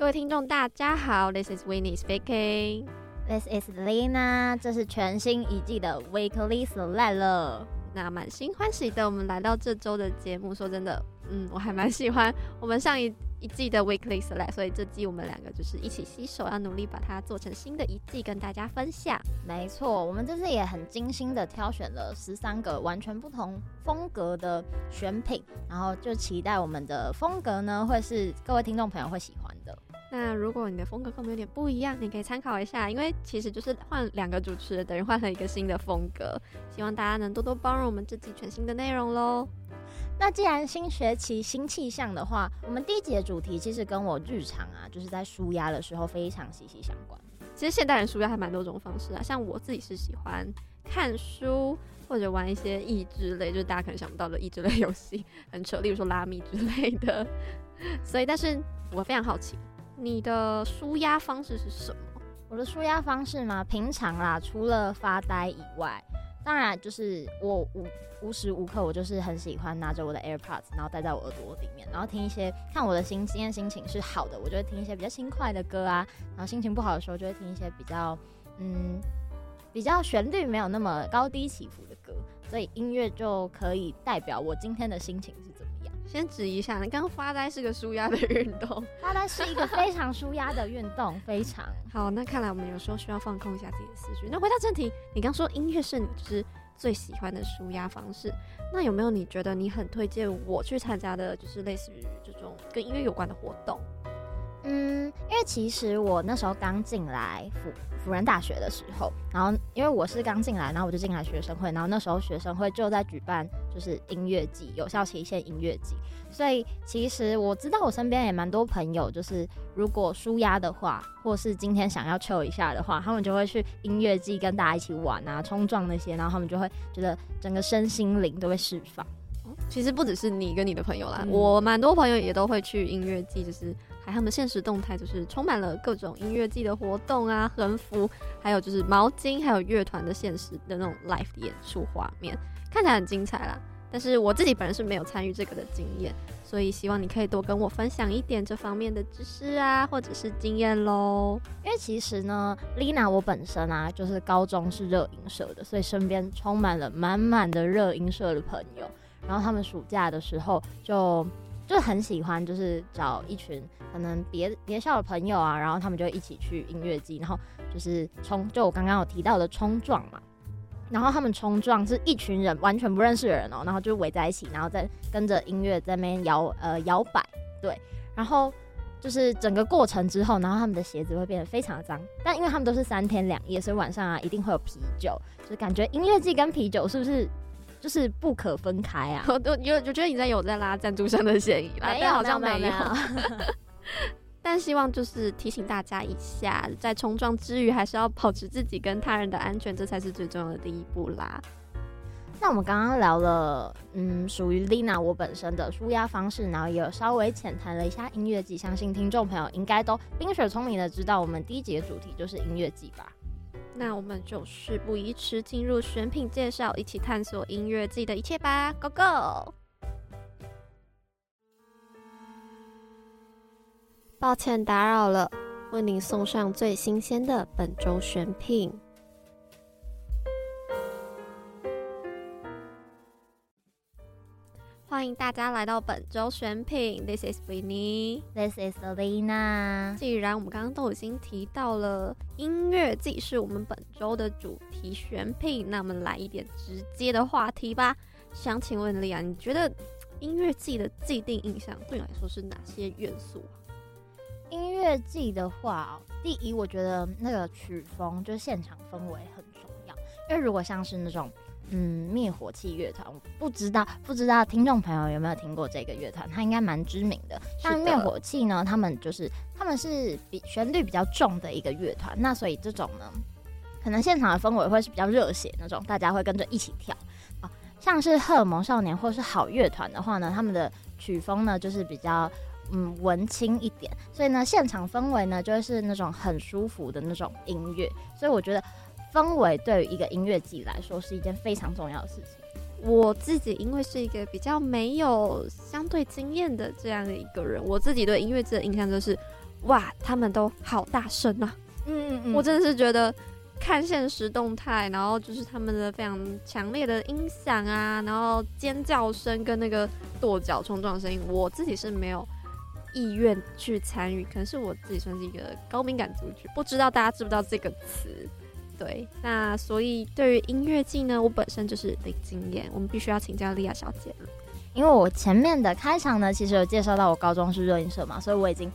各位聽眾，大家好，This is Winnie speaking. This is Lia，這是全新一季的 Weekly Select 了。那滿心歡喜的，我們來到這周的節目。說真的，嗯，我還蠻喜歡我們上一一季的 Weekly Select，所以這季我們兩個就是一起攜手，要努力把它做成新的一季跟大家分享。沒錯，我們這次也很精心的挑選了十三個完全不同風格的選品，然後就期待我們的風格呢，會是各位聽眾朋友會喜歡的。那如果你的風格跟我們有點不一樣，你可以參考一下，因為其實就是換兩個主持人，等於換了一個新的風格。希望大家能多多包容我們這季全新的內容嘍。那既然新學期新氣象的話，我們第一集的主題其實跟我日常啊，就是在舒壓的時候非常息息相關。其實現代人舒壓還蠻多種方式啊，像我自己是喜歡看書或者玩一些益智類，就是大家可能想不到的益智類遊戲，很扯，例如說拉密之類的。所以，但是我非常好奇。你的舒壓方式是什麼？我的舒壓方式嗎？平常啦，除了發呆以外，當然就是我無無時無刻我就是很喜歡拿着我的 AirPods，然後戴在我耳朵裡面，然後聽一些。看我的心，今天心情是好的，我就會聽一些比較輕快的歌啊；然後心情不好的時候，就會聽一些比較嗯比較旋律沒有那麼高低起伏的歌。所以音樂就可以代表我今天的心情。先指一下，你剛剛發呆是個舒壓的運動，發呆是一個非常舒壓的運動， 非常好。那看來我們有時候需要放空一下自己的思緒。那回到正題，你剛說音樂是你就是最喜歡的舒壓方式，那有沒有你覺得你很推薦我去參加的，就是類似於這種跟音樂有關的活動？嗯，因為其實我那時候剛進來輔輔仁大學的時候，然後因為我是剛進來，然後我就進來學生會，然後那時候學生會就在舉辦就是音樂祭，有效期限音樂祭。所以其實我知道我身邊也蠻多朋友，就是如果紓壓的話，或是今天想要 chill 一下的話，他們就會去音樂祭跟大家一起玩啊，衝撞那些，然後他們就會覺得整個身心靈都會釋放。其實不只是你跟你的朋友啦，嗯、我蠻多朋友也都會去音樂祭，就是。他們現實動態就是充滿了各種音樂祭的活動啊，橫幅，還有就是毛巾，還有樂團的現實的那種 live 演出畫面，看起來很精彩啦。但是我自己本身是沒有參與這個的經驗，所以希望你可以多跟我分享一點這方面的知識啊，或者是經驗嘍。因為其實呢，Lina 我本身啊，就是高中是熱音社的，所以身邊充滿了滿滿的熱音社的朋友。然後他們暑假的時候就。就很喜歡，就是找一群可能別別校的朋友啊，然後他們就一起去音樂祭，然後就是衝，就我剛剛有提到的衝撞嘛，然後他們衝撞是一群人完全不認識的人哦、喔，然後就圍在一起，然後再跟着音樂在那邊搖呃搖擺，對，然後就是整個過程之後，然後他們的鞋子會變得非常的髒，但因為他們都是三天兩夜，所以晚上啊一定會有啤酒，就是感覺音樂祭跟啤酒是不是？就是不可分開啊！我都有，我覺得你在有在拉贊助商的嫌疑啦，好像沒有。沒有沒有 但希望就是提醒大家一下，在衝撞之餘，還是要保持自己跟他人的安全，這才是最重要的第一步啦。那我們剛剛聊了，嗯，屬於 Lia 我本身的紓壓方式，然後也有稍微淺談了一下音樂祭，相信聽眾朋友應該都冰雪聰明的知道，我們第一集的主題就是音樂祭吧。那我們就事不宜遲，進入選品介紹，一起探索音樂祭的一切吧，Go Go！抱歉打擾了，為您送上最新鮮的本周選品。歡迎大家來到本周選品。This is Winnie，this is Lia。既然我們剛剛都已經提到了音樂祭是我們本周的主題選品，那我們來一點直接的話題吧。想請問利亞，你覺得音樂祭的既定印象對你來說是哪些元素？音樂祭的話，第一，我覺得那個曲風就是現場氛圍很重要，因為如果像是那種。嗯，滅火器樂團，不知道不知道聽眾朋友有沒有聽過這個樂團？它應該蠻知名的。像滅火器呢，他們就是他們是比旋律比較重的一個樂團，那所以這種呢，可能現場的氛圍會是比較熱血那種，大家會跟着一起跳啊。像是荷爾蒙少年或是好樂團的話呢，他們的曲風呢就是比較嗯文青一點，所以呢現場氛圍呢就會是那種很舒服的那種音樂，所以我覺得。氛圍對於一個音樂祭來說是一件非常重要的事情。我自己因為是一個比較沒有相對經驗的這樣的一個人，我自己對音樂祭的印象就是，哇，他們都好大聲啊！嗯嗯嗯，我真的是覺得看限時動態，然後就是他們的非常強烈的音響啊，然後尖叫聲跟那個跺腳衝撞的聲音，我自己是沒有意願去參與，可能是我自己算是一個高敏感族群，不知道大家知不知道這個詞。對，那所以對於音樂祭呢，我本身就是零經驗，我們必須要請教莉亞小姐了。因為我前面的開場呢，其實有介紹到我高中是熱音社嘛，所以我已經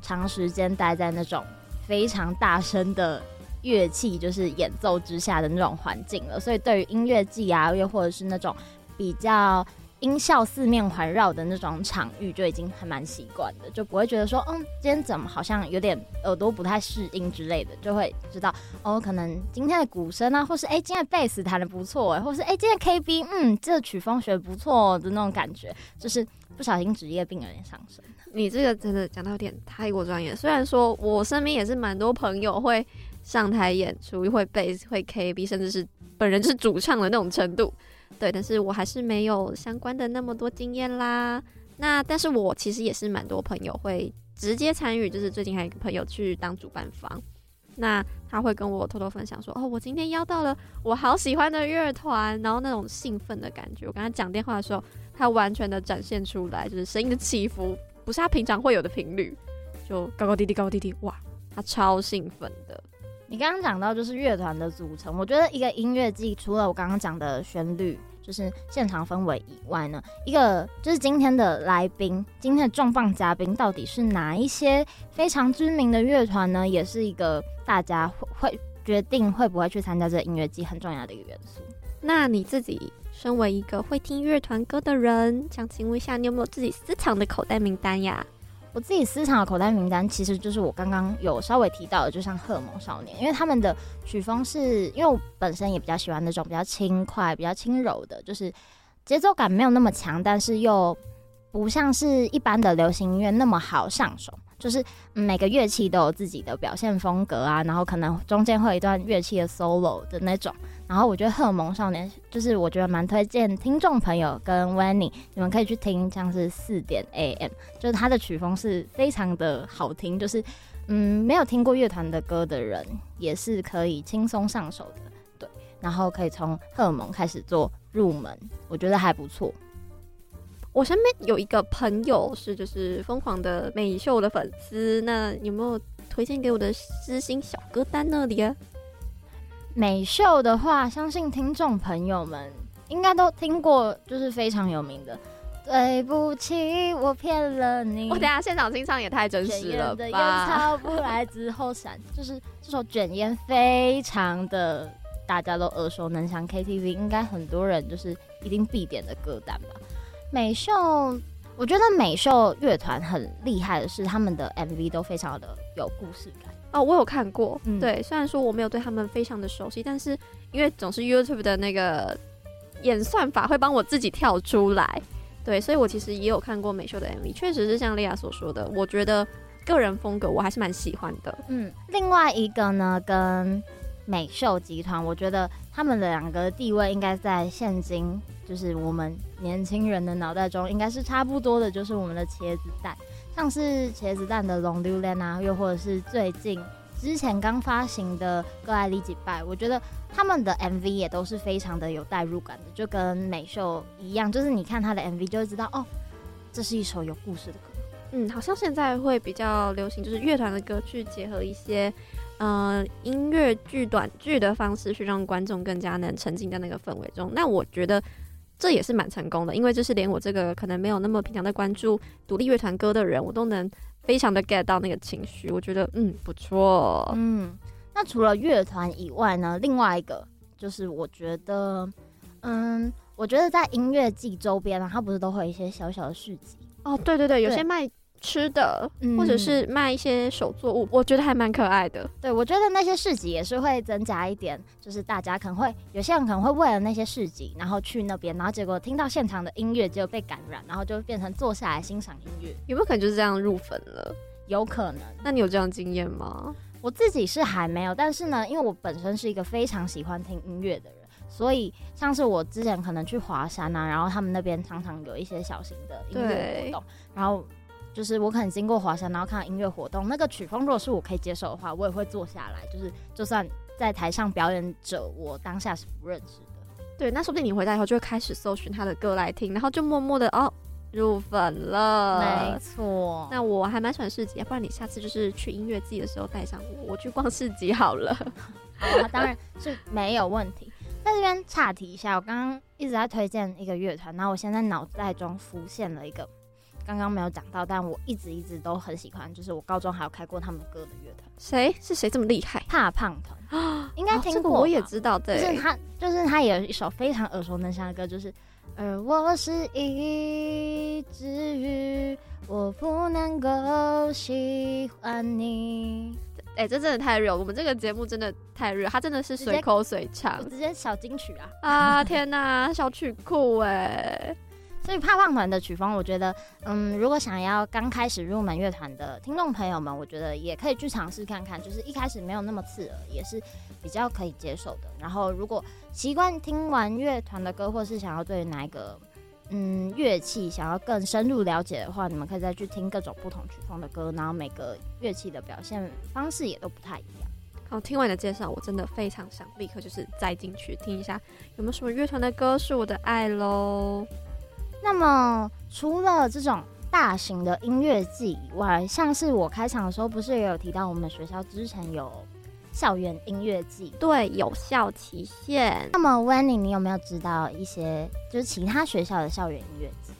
長時間待在那種非常大聲的樂器就是演奏之下的那種環境了，所以對於音樂祭啊，又或者是那種比較。音效四面環繞的那種場域就已經還蠻習慣的，就不會覺得說，嗯，今天怎麼好像有點耳朵不太適應之類的，就會知道哦，可能今天的鼓聲啊，或是哎、欸，今天的貝斯彈得不錯，哎，或是哎、欸，今天 K B，嗯，這個、曲風學不錯的、喔、那種感覺，就是不小心職業病有點上升。你這個真的講到有點太過專業，雖然說我身邊也是蠻多朋友會上台演出，會貝斯，會 K B，甚至是本人就是主唱的那種程度。對，但是我還是沒有相關的那麼多經驗啦。那但是我其實也是蠻多朋友會直接參與，就是最近還有一個朋友去當主辦方，那他會跟我偷偷分享說：“哦，我今天邀到了我好喜歡的樂團，然後那種興奮的感覺。”我跟他講電話的時候，他完全的展現出來，就是聲音的起伏不是他平常會有的頻率，就高高低低，高高低低，哇，他超興奮的。你剛剛講到就是樂團的組成，我覺得一個音樂祭除了我剛剛講的旋律。就是現場氛圍以外呢，一個就是今天的來賓，今天的重磅嘉賓到底是哪一些非常知名的樂團呢？也是一個大家會決定會不會去參加這音樂祭很重要的一個元素。那你自己身為一個會聽樂團歌的人，想請問一下，你有沒有自己私藏的口袋名單呀？我自己私藏的口袋名單，其實就是我剛剛有稍微提到的，就像荷爾蒙少年，因為他們的曲風是，因為我本身也比較喜歡那種比較輕快、比較輕柔的，就是節奏感沒有那麼強，但是又不像是一般的流行音樂那麼好上手，就是每個樂器都有自己的表現風格啊，然後可能中間會有一段樂器的 solo 的那種。然後我覺得荷爾蒙少年就是我覺得蠻推薦聽眾朋友跟 Winnie 你們可以去聽像是四點 AM，就是他的曲風是非常的好聽，就是嗯沒有聽過樂團的歌的人也是可以輕鬆上手的，對，然後可以從荷爾蒙開始做入門，我覺得還不錯。我身邊有一個朋友是就是瘋狂的美秀的粉絲，那有沒有推薦給我的知心小歌單那裡啊？美秀的話，相信聽眾朋友們應該都聽過，就是非常有名的。對不起，我騙了你。我等一下現場清唱也太真實了吧！捲菸的菸抽不來之後閃， 就是這首卷菸非常的大家都耳熟能詳，K T V 應該很多人就是一定必點的歌單吧。美秀，我覺得美秀樂團很厲害的是他們的 M V 都非常的有故事感。哦，我有看過，嗯，對，雖然說我沒有對他們非常的熟悉，但是因為總是 YouTube 的那個演算法會幫我自己跳出來，對，所以我其實也有看過美秀的 MV，確實是像 Lia 所說的，我覺得個人風格我還是蠻喜歡的，嗯，另外一個呢，跟美秀集團，我覺得他們的兩個地位應該在現今就是我們。年輕人的腦袋中應該是差不多的，就是我們的茄子蛋，像是茄子蛋的浪流連啊，又或者是最近之前剛發行的歌《愛里幾拜，我覺得他們的 MV 也都是非常的有代入感的，就跟美秀一樣，就是你看他的 MV 就會知道哦，這是一首有故事的歌。嗯，好像現在會比較流行，就是樂團的歌去結合一些嗯、呃、音樂劇短劇的方式，去讓觀眾更加能沉浸在那個氛圍中。那我覺得。這也是蠻成功的，因為就是連我這個可能沒有那麼平常的關注獨立樂團歌的人，我都能非常的 get 到那個情緒。我覺得嗯，不錯，嗯。那除了樂團以外呢，另外一個就是我覺得，嗯，我覺得在音樂祭周邊呢，它不是都會有一些小小的市集哦？對對對，有些賣。吃的，或者是賣一些手作物，嗯、我覺得還蠻可愛的。對，我覺得那些市集也是會增加一點，就是大家可能會有些人可能會為了那些市集，然後去那邊，然後結果聽到現場的音樂，就被感染，然後就變成坐下來欣賞音樂。有沒有可能就是這樣入粉了？有可能。那你有這樣經驗嗎？我自己是還沒有，但是呢，因為我本身是一個非常喜歡聽音樂的人，所以像是我之前可能去華山啊，然後他們那邊常常有一些小型的音樂活動，然後。就是我可能經過華山，然後看到音樂活動，那個曲風如果是我可以接受的話，我也會坐下來。就是就算在台上表演者，我當下是不認識的。對，那說不定你回來以後就會開始搜尋他的歌來聽，然後就默默的哦入粉了。沒錯。那我還蠻喜歡市集，要不然你下次就是去音樂祭的時候帶上我，我去逛市集好了。 好啊，當然是沒有問題。 在這邊岔題一下，我剛剛一直在推薦一個樂團，然後我現在腦袋中浮現了一個。剛剛沒有講到，但我一直一直都很喜歡，就是我高中還有開過他們歌的樂團。誰是誰這麼厲害？怕胖團啊？應該聽過，哦這個、我也知道。對，就是他，就是他也有一首非常耳熟能詳的歌，就是而我是一只魚，我不能夠喜歡你。哎、欸，這真的太熱，我們這個節目真的太熱，他真的是隨口水唱，直接,我直接小金曲啊！啊，天哪、啊，小曲庫哎、欸。所以，帕胖團的曲風，我覺得，嗯，如果想要剛開始入門樂團的聽眾朋友們，我覺得也可以去嘗試看看，就是一開始沒有那麼刺耳，也是比較可以接受的。然後，如果習慣聽完樂團的歌，或是想要對哪一個嗯樂器想要更深入了解的話，你們可以再去聽各種不同曲風的歌，然後每個樂器的表現方式也都不太一樣。好，聽完你的介紹，我真的非常想立刻就是再進去聽一下，有沒有什麼樂團的歌是我的愛嘍？那麼，除了這種大型的音樂祭以外，像是我開場的時候，不是也有提到我們學校之前有校園音樂祭？對，有效期限。那麼，Winnie，你，你有沒有知道一些就是其他學校的校園音樂祭？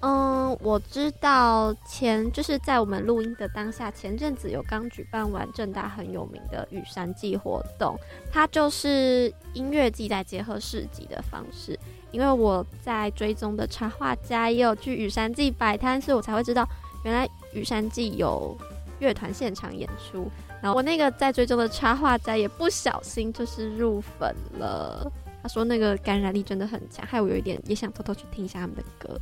嗯，我知道前就是在我們錄音的當下，前陣子有剛舉辦完政大很有名的雨山祭活動，它就是音樂祭在結合市集的方式。因為我在追蹤的插畫家也有去雨山祭擺攤，所以我才會知道原來雨山祭有樂團現場演出。然後我那個在追蹤的插畫家也不小心就是入粉了，他說那個感染力真的很強，害我有一點也想偷偷去聽一下他們的歌。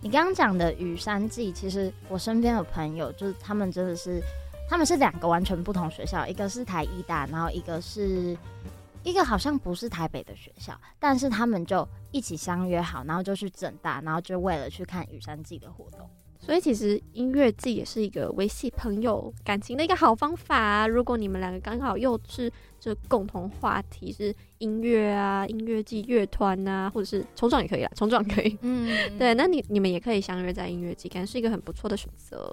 你剛剛講的雨山祭，其實我身邊的朋友，就是他們真的是他們是兩個完全不同學校，一個是台藝大，然後一個是。一個好像不是台北的學校，但是他們就一起相約好，然後就去政大，然後就為了去看雨山祭的活動。所以其實音樂祭也是一個維繫朋友感情的一個好方法啊。如果你們兩個剛好又是就共同話題是音樂啊、音樂祭、樂團啊，或者是衝撞也可以啦，衝撞可以。嗯， 對，那你你們也可以相約在音樂祭，感覺是一個很不錯的選擇。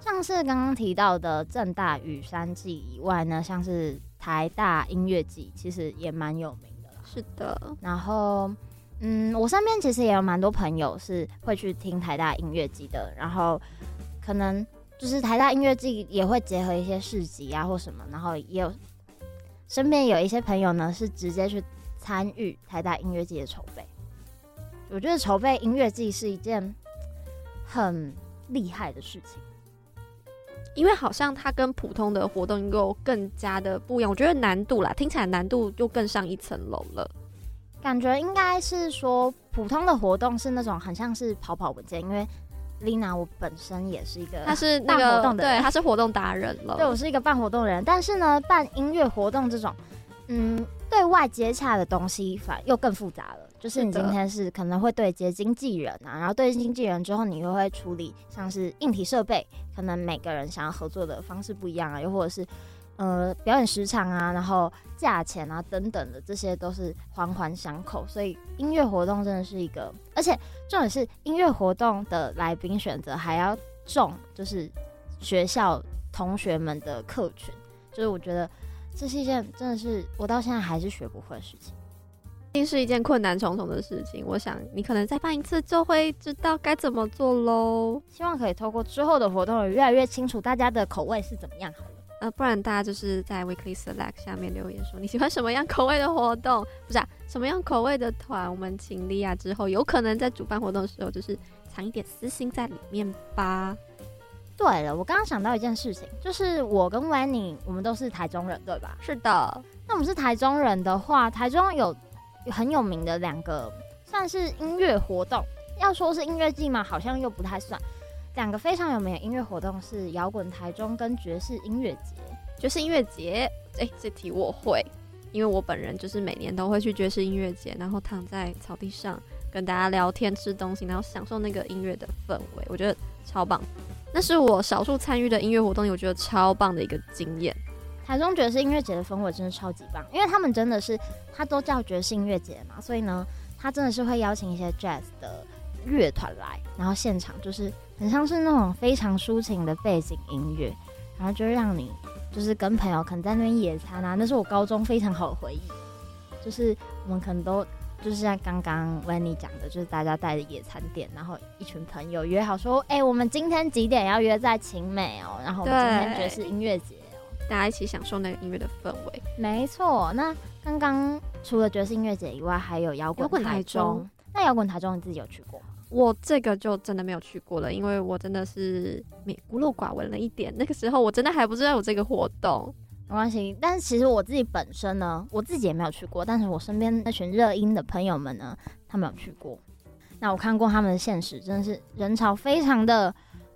像是剛剛提到的政大雨山祭以外呢，像是。台大音樂祭其實也蠻有名的啦，是的。然後，嗯，我身邊其實也有蠻多朋友是會去聽台大音樂祭的。然後，可能就是台大音樂祭也會結合一些市集啊或什麼。然後也有身邊有一些朋友呢是直接去參與台大音樂祭的籌備。我覺得籌備音樂祭是一件很厲害的事情。因為好像它跟普通的活動又更加的不一樣，我覺得難度啦，聽起來難度又更上一層樓了。感覺應該是說，普通的活動是那種很像是跑跑文件，因為 Lina 我本身也是一個是、那個，她是辦活動的對，他是活動達人了，對我是一個辦活動的人，但是呢，辦音樂活動這種，嗯，對外接洽的東西反而又更複雜了。就是你今天是可能會對接經紀人啊，然後對接經紀人之後，你又會處理像是硬體設備。可能每個人想要合作的方式不一樣啊，又或者是，呃，表演時長啊，然後價錢啊等等的，這些都是環環相扣。所以音樂活動真的是一個，而且重點是音樂活動的來賓選擇還要重，就是學校同學們的客群，就是我覺得這是一件真的是我到現在還是學不會的事情。一定是一件困難重重的事情。我想你可能再辦一次就會知道該怎麼做嘍。希望可以透過之後的活動，也越來越清楚大家的口味是怎麼樣好了。呃，不然大家就是在 Weekly Select 下面留言說你喜歡什麼樣口味的活動，不是啊？什麼樣口味的團？我們請 l 亞之後，有可能在主辦活動的時候，就是藏一點私心在裡面吧。對了，我剛剛想到一件事情，就是我跟 w i n n 我們都是台中人，對吧？是的。那我們是台中人的話，台中有。有很有名的兩個算是音樂活動，要說是音樂季嘛，好像又不太算。兩個非常有名的音樂活動是搖滾台中跟爵士音樂節。爵士音樂節，誒、欸，這題我會，因為我本人就是每年都會去爵士音樂節，然後躺在草地上跟大家聊天吃東西，然後享受那個音樂的氛圍，我覺得超棒。那是我少數參與的音樂活動裡，我覺得超棒的一個經驗。台中爵士音樂節的氛圍真的超級棒，因為他們真的是，他都叫爵士音樂節嘛，所以呢，他真的是會邀請一些 jazz 的樂團來，然後現場就是很像是那種非常抒情的背景音樂，然後就讓你就是跟朋友可能在那邊野餐啊，那是我高中非常好的回憶，就是我們可能都就是像剛剛 Winnie 講的，就是大家帶着野餐墊，然後一群朋友約好說，哎、欸，我們今天幾點要約在勤美哦、喔，然後我們今天爵士音樂節。大家一起享受那個音樂的氛圍，沒錯。那剛剛除了爵士音樂節以外，還有搖滾台中。搖滾台中。那搖滾台中你自己有去過嗎？我這個就真的沒有去過了，因為我真的是沒孤陋寡聞了一點。那個時候我真的還不知道有這個活動，沒關係。但是其實我自己本身呢，我自己也沒有去過。但是我身邊那群熱音的朋友們呢，他們有去過。那我看過他們的現實，真的是人潮非常的。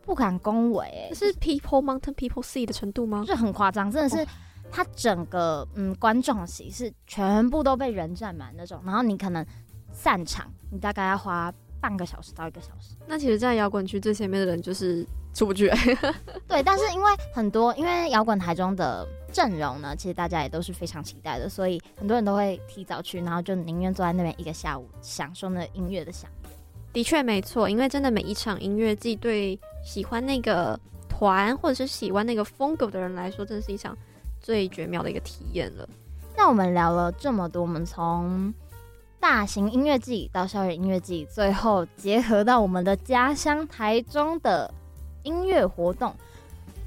不敢恭維，欸，這是 people mountain people sea 的程度嗎？就是很誇張，真的是，他整個嗯觀眾席是全部都被人佔滿那種。然後你可能散場，你大概要花半個小時到一個小時。那其實在，在搖滾區最前面的人就是出不去。 對，但是因為很多，因為搖滾台中的陣容呢，其實大家也都是非常期待的，所以很多人都會提早去，然後就寧願坐在那邊一個下午，享受那音樂的響。的確沒錯，因為真的每一場音樂祭對喜歡那個團或者是喜歡那個風格的人來說，真是一場最絕妙的一個體驗了。那我們聊了這麼多，我們從大型音樂祭到校園音樂祭，最後結合到我們的家鄉台中的音樂活動，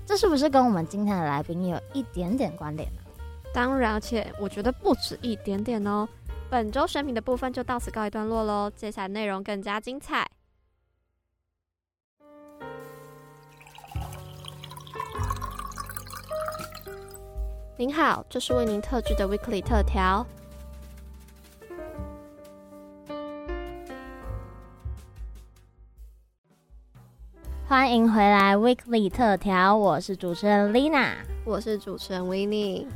這是不是跟我們今天的來賓有一點點關聯呢？當然，而且我覺得不止一點點哦、喔。本週選品的部分就到此告一段落嘍，接下來內容更加精彩。您好，這是為您特制的 Weekly 特調。歡迎回來 Weekly 特調，我是主持人 Lia，我是主持人 Winnie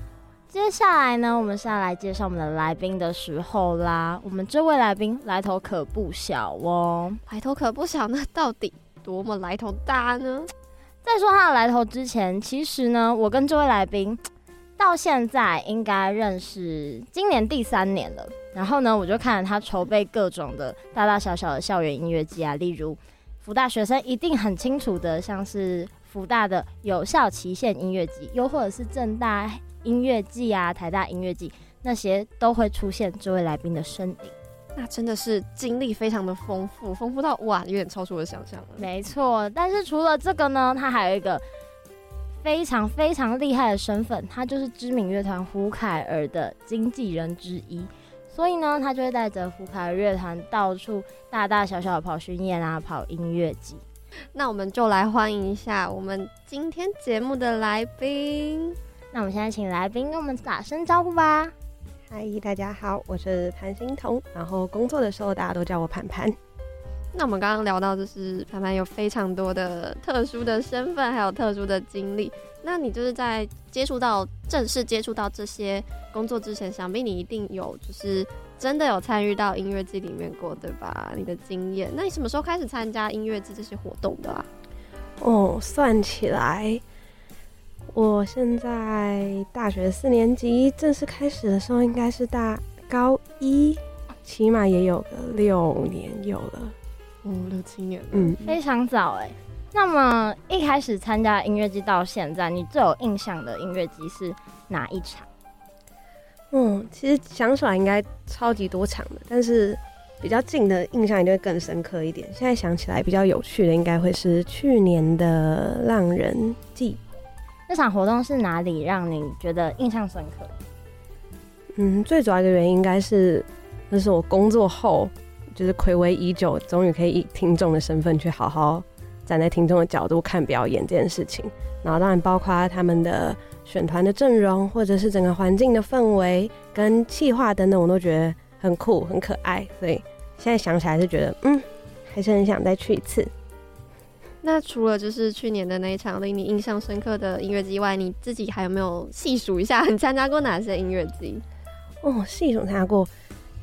接下來呢，我們是要來介紹我們的來賓的時候啦。我們這位來賓來頭可不小哦，來頭可不小，喔，那到底多麼來頭大呢？在說他的來頭之前，其實呢，我跟這位來賓到現在應該認識今年第三年了。然後呢，我就看了他籌備各種的大大小小的校園音樂祭啊，例如輔大學生一定很清楚的，像是輔大的有效期限音樂祭，又或者是政大。音樂祭啊，台大音樂祭那些都會出現這位來賓的身影，那真的是經歷非常的豐富，豐富到哇，有點超出我的想象了。沒錯，但是除了這個呢，他還有一個非常非常厲害的身份，他就是知名樂團胡凱兒的經紀人之一，所以呢，他就會帶着胡凱兒樂團到處大大小小的跑巡演啊，跑音樂祭。那我們就來歡迎一下我們今天節目的來賓。那我們現在請來賓跟我們打聲招呼吧。嗨，大家好，我是盤芯彤，然後工作的時候大家都叫我盤盤。那我們剛剛聊到，就是盤盤有非常多的特殊的身份，還有特殊的經歷。那你就是在接觸到正式接觸到這些工作之前，想必你一定有就是真的有參與到音樂祭裡面過，對吧？你的經驗，那你什麼時候開始參加音樂祭這些活動的啊？哦、oh，算起來。我現在大學四年級正式開始的時候，應該是大高一，起碼也有個六年，有了，五六七年了，嗯，非常早哎、嗯。那麼一開始參加音樂祭，到現在，你最有印象的音樂祭是哪一場？嗯，其實想起來應該超級多場的，但是比較近的印象一定會更深刻一點。現在想起來比較有趣的，應該會是去年的《浪人祭》。這場活動是哪裡讓你覺得印象深刻？嗯，最主要的原因應該是那，就是我工作後就是暌違已久，終於可以以聽眾的身份去好好站在聽眾的角度看表演這件事情。然後當然包括他們的選團的陣容，或者是整個環境的氛圍跟企劃等等，我都覺得很酷，很可愛。所以現在想起來就覺得嗯，還是很想再去一次。那除了就是去年的那一場令你印象深刻的音樂祭以外，你自己還有沒有細數一下你參加過哪些音樂祭？哦，細數參加過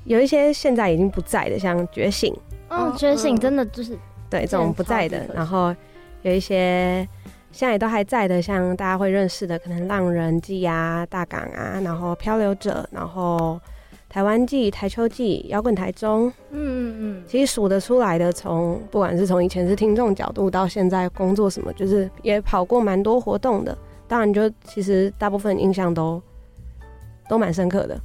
有一些現在已經不在的，像覺醒，哦、嗯嗯，覺醒真的就是對、嗯、這種不在的、的，然後有一些現在也都還在的，像大家會認識的，可能浪人祭啊、大港啊，然後漂流者，然後。台灣祭、台秋季、搖滾台中，嗯嗯嗯，其實數得出來的，從不管是從以前是聽眾角度，到現在工作什麼，就是也跑過蠻多活動的。當然，就其實大部分印象都都蠻深刻的。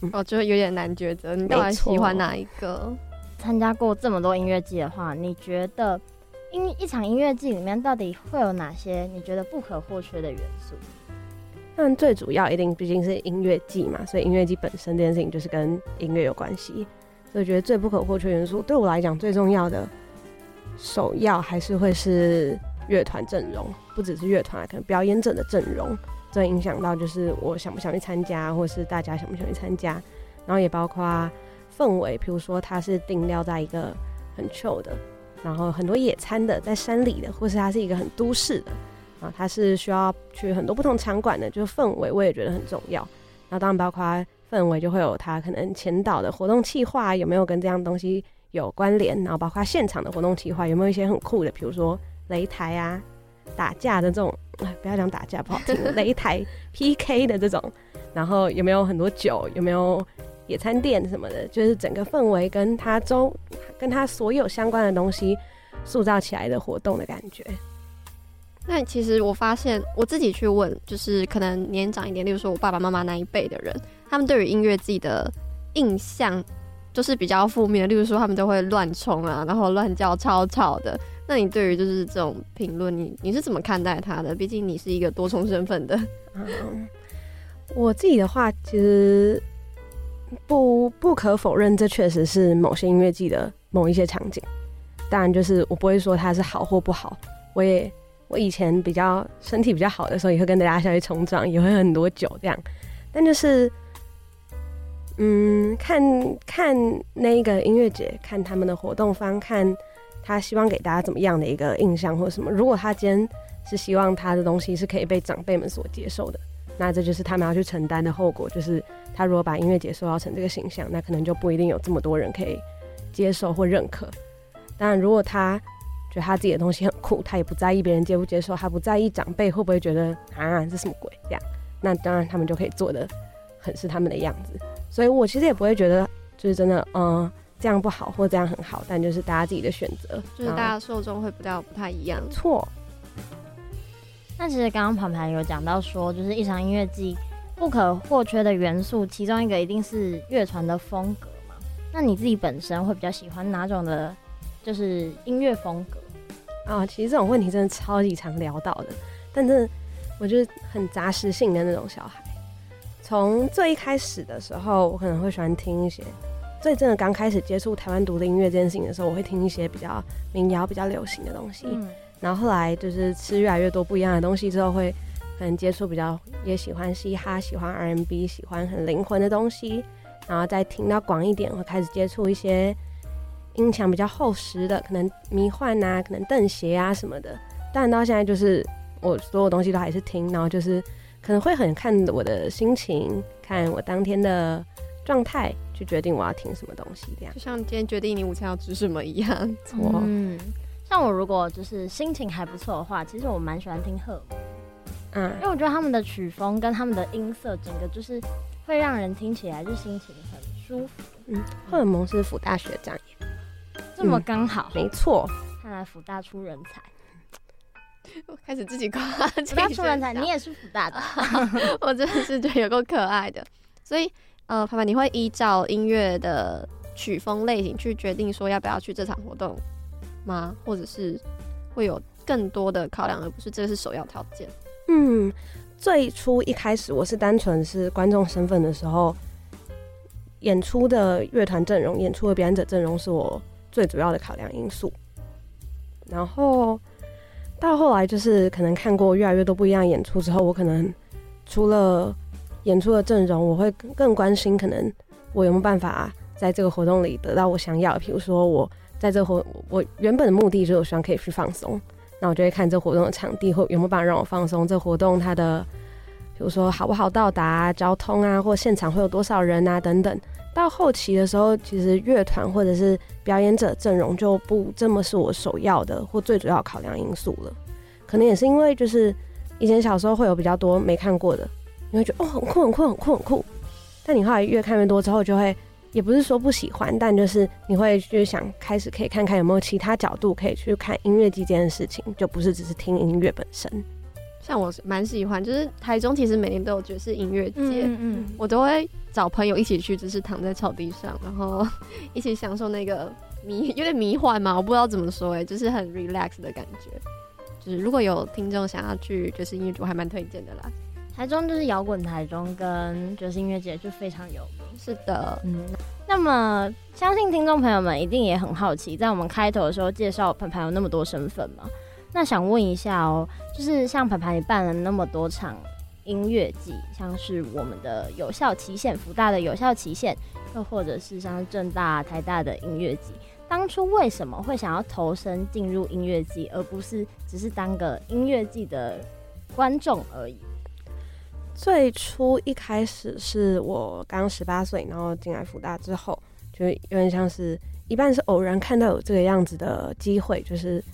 嗯，哦，就有點難抉擇，你到底喜歡哪一個？參加過這麼多音樂祭的話，你覺得一，一場音樂祭裡面到底會有哪些你覺得不可或缺的元素？但最主要一定畢竟是音樂季嘛，所以音樂季本身這件事情就是跟音樂有關係。所以我覺得最不可或缺元素，對我來講最重要的首要還是會是樂團陣容，不只是樂團，啊，可能表演者的陣容，這影響到就是我想不想去參加，或者是大家想不想去參加。然後也包括氛圍，譬如說它是定調在一個很 chill 的，然後很多野餐的，在山裡的，或是它是一個很都市的。啊，他是需要去很多不同場館的，就是氛圍，我也覺得很重要。然後當然包括氛圍，就會有他可能前導的活動企劃有沒有跟這樣東西有關聯，然後包括現場的活動企劃有沒有一些很酷的，比如說擂台啊、打架的這種，不要講打架不好聽，擂台 PK 的這種。然後有沒有很多酒，有沒有野餐墊什麼的，就是整個氛圍跟他周、跟他所有相關的東西塑造起來的活動的感覺。那其實我發現我自己去問，就是可能年長一點，例如說我爸爸媽媽那一輩的人，他們對於音樂祭的印象就是比較負面。例如說他們都會亂衝啊，然後亂叫吵吵的。那你對於就是這種評論，你你是怎麼看待他的？畢竟你是一個多重身份的。um, 我自己的話，其實不不可否認，這確實是某些音樂祭的某一些場景。當然，就是我不會說它是好或不好，我也。我以前比較身體比較好的時候，也會跟大家下去衝撞，也會很多酒這樣。但就是，嗯，看看那個音樂節，看他們的活動方，看他希望給大家怎麼樣的一個印象或者什麼。如果他今天是希望他的東西是可以被長輩們所接受的，那這就是他們要去承擔的後果。就是他如果把音樂節塑造成這個形象，那可能就不一定有這麼多人可以接受或認可。當然，如果他。覺得他自己的東西很酷，他也不在意別人接不接受，他不在意長輩會不會覺得啊，這什麼鬼這樣？那當然，他們就可以做的，很是他們的樣子。所以我其實也不會覺得，就是真的，嗯，這樣不好或這樣很好，但就是大家自己的選擇，就是大家受眾會比較不太一樣。錯。那其實剛剛盤盤有講到說，就是一場音樂祭不可或缺的元素，其中一個一定是樂團的風格嘛？那你自己本身會比較喜歡哪種的，就是音樂風格？啊、哦，其實這種問題真的超級常聊到的，但是我就是很雜食性的那種小孩。從最一開始的時候，我可能會喜歡聽一些，最真的剛開始接觸台灣獨立音樂這件事情的時候，我會聽一些比較民謠、比較流行的東西，嗯。然後後來就是吃越來越多不一樣的東西之後，會可能接觸比較也喜歡嘻哈、喜歡 R&B、喜歡很靈魂的東西。然後再聽到廣一點，會開始接觸一些。音牆比較厚實的，可能迷幻啊，可能瞪鞋啊什麼的。但到現在，就是我所有東西都還是聽，然後就是可能會很看我的心情，看我當天的狀態去決定我要聽什麼東西。這樣，就像今天決定你午餐要吃什麼一樣麼。嗯，像我如果就是心情還不錯的話，其實我蠻喜歡聽赫爾蒙，嗯，因為我覺得他們的曲風跟他們的音色，整個就是會讓人聽起來就心情很舒服。嗯，赫爾蒙是輔大學長。這麼剛好，嗯、沒錯。看來輔大出人才，我開始自己誇輔大出人才，你也是輔大的。 我真的是覺得有夠可愛的。所以，呃，盤盤，你會依照音樂的曲風類型去決定說要不要去這場活動嗎？或者是會有更多的考量，而不是這個是首要條件？嗯，最初一開始我是單純是觀眾身份的時候，演出的樂團陣容、演出的表演者陣容是我最主要的考量因素，然後到後來就是可能看過越來越多不一樣的演出之後，我可能除了演出的陣容，我會更關心可能我有沒有辦法在這個活動裡得到我想要的。比如說我在這活動，我，我原本的目的就是我希望可以去放鬆，那我就會看這活動的場地或有沒有辦法讓我放鬆，這活動它的比如說好不好到達啊、交通啊，或現場會有多少人啊等等。到後期的時候，其實樂團或者是表演者陣容就不這麼是我首要的或最主要考量因素了。可能也是因為，就是以前小時候會有比較多沒看過的，你會覺得哦很酷很酷很酷很酷，但你後來越看越多之後，就會也不是說不喜歡，但就是你會去想開始可以看看有沒有其他角度可以去看音樂這件事情，就不是只是聽音樂本身。像我蠻喜歡，就是台中其實每年都有爵士音樂節。嗯嗯，我都會找朋友一起去，就是躺在草地上，然後一起享受那個迷有點迷幻嘛，我不知道怎麼說誒，就是很 relax 的感覺。就是如果有聽眾想要去爵士音樂節，我還蠻推薦的啦。台中就是搖滾台中跟爵士音樂節就非常有名，是的。嗯，那麼相信聽眾朋友們一定也很好奇，在我們開頭的時候介紹盤盤有那麼多身份嘛。那想問一下哦，就是像盤盤你辦了那麼多場音樂祭，像是我們的有效期限，輔大的有效期限，又或者是像是政大、台大的音樂祭，當初為什麼會想要投身進入音樂祭，而不是只是當個音樂祭的觀眾而已？最初一開始是我剛十八歲，然後進來輔大之後，就是有點像是一半是偶然看到有這個樣子的機會，就是。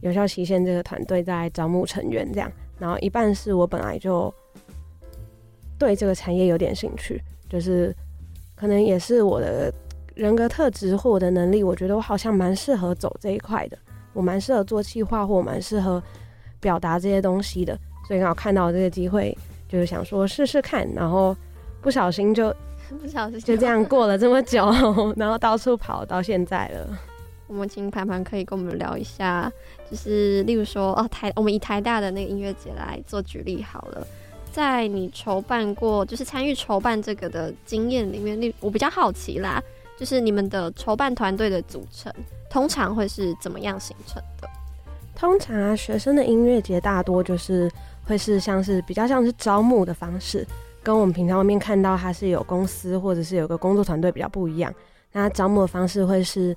有效期限，這個團隊在招募成員，這樣，然後一半是我本來就對這個產業有點興趣，就是可能也是我的人格特質或我的能力，我覺得我好像蠻適合走這一塊的，我蠻適合做企劃或蠻適合表達這些東西的，所以剛好看到這個機會，就是想說試試看，然後不小心就不小心就這樣過了這麼久， 然後到處跑到現在了。我們請盤盤可以跟我們聊一下，就是例如說哦台，我們以台大的那個音樂祭來做舉例好了，在你籌辦過，就是參與籌辦這個的經驗裡面，例我比較好奇啦，就是你們的籌辦團隊的組成通常會是怎麼樣形成的？通常啊，學生的音樂祭大多就是會是像是比較像是招募的方式，跟我們平常外面看到他是有公司或者是有個工作團隊比較不一樣，那招募的方式會是。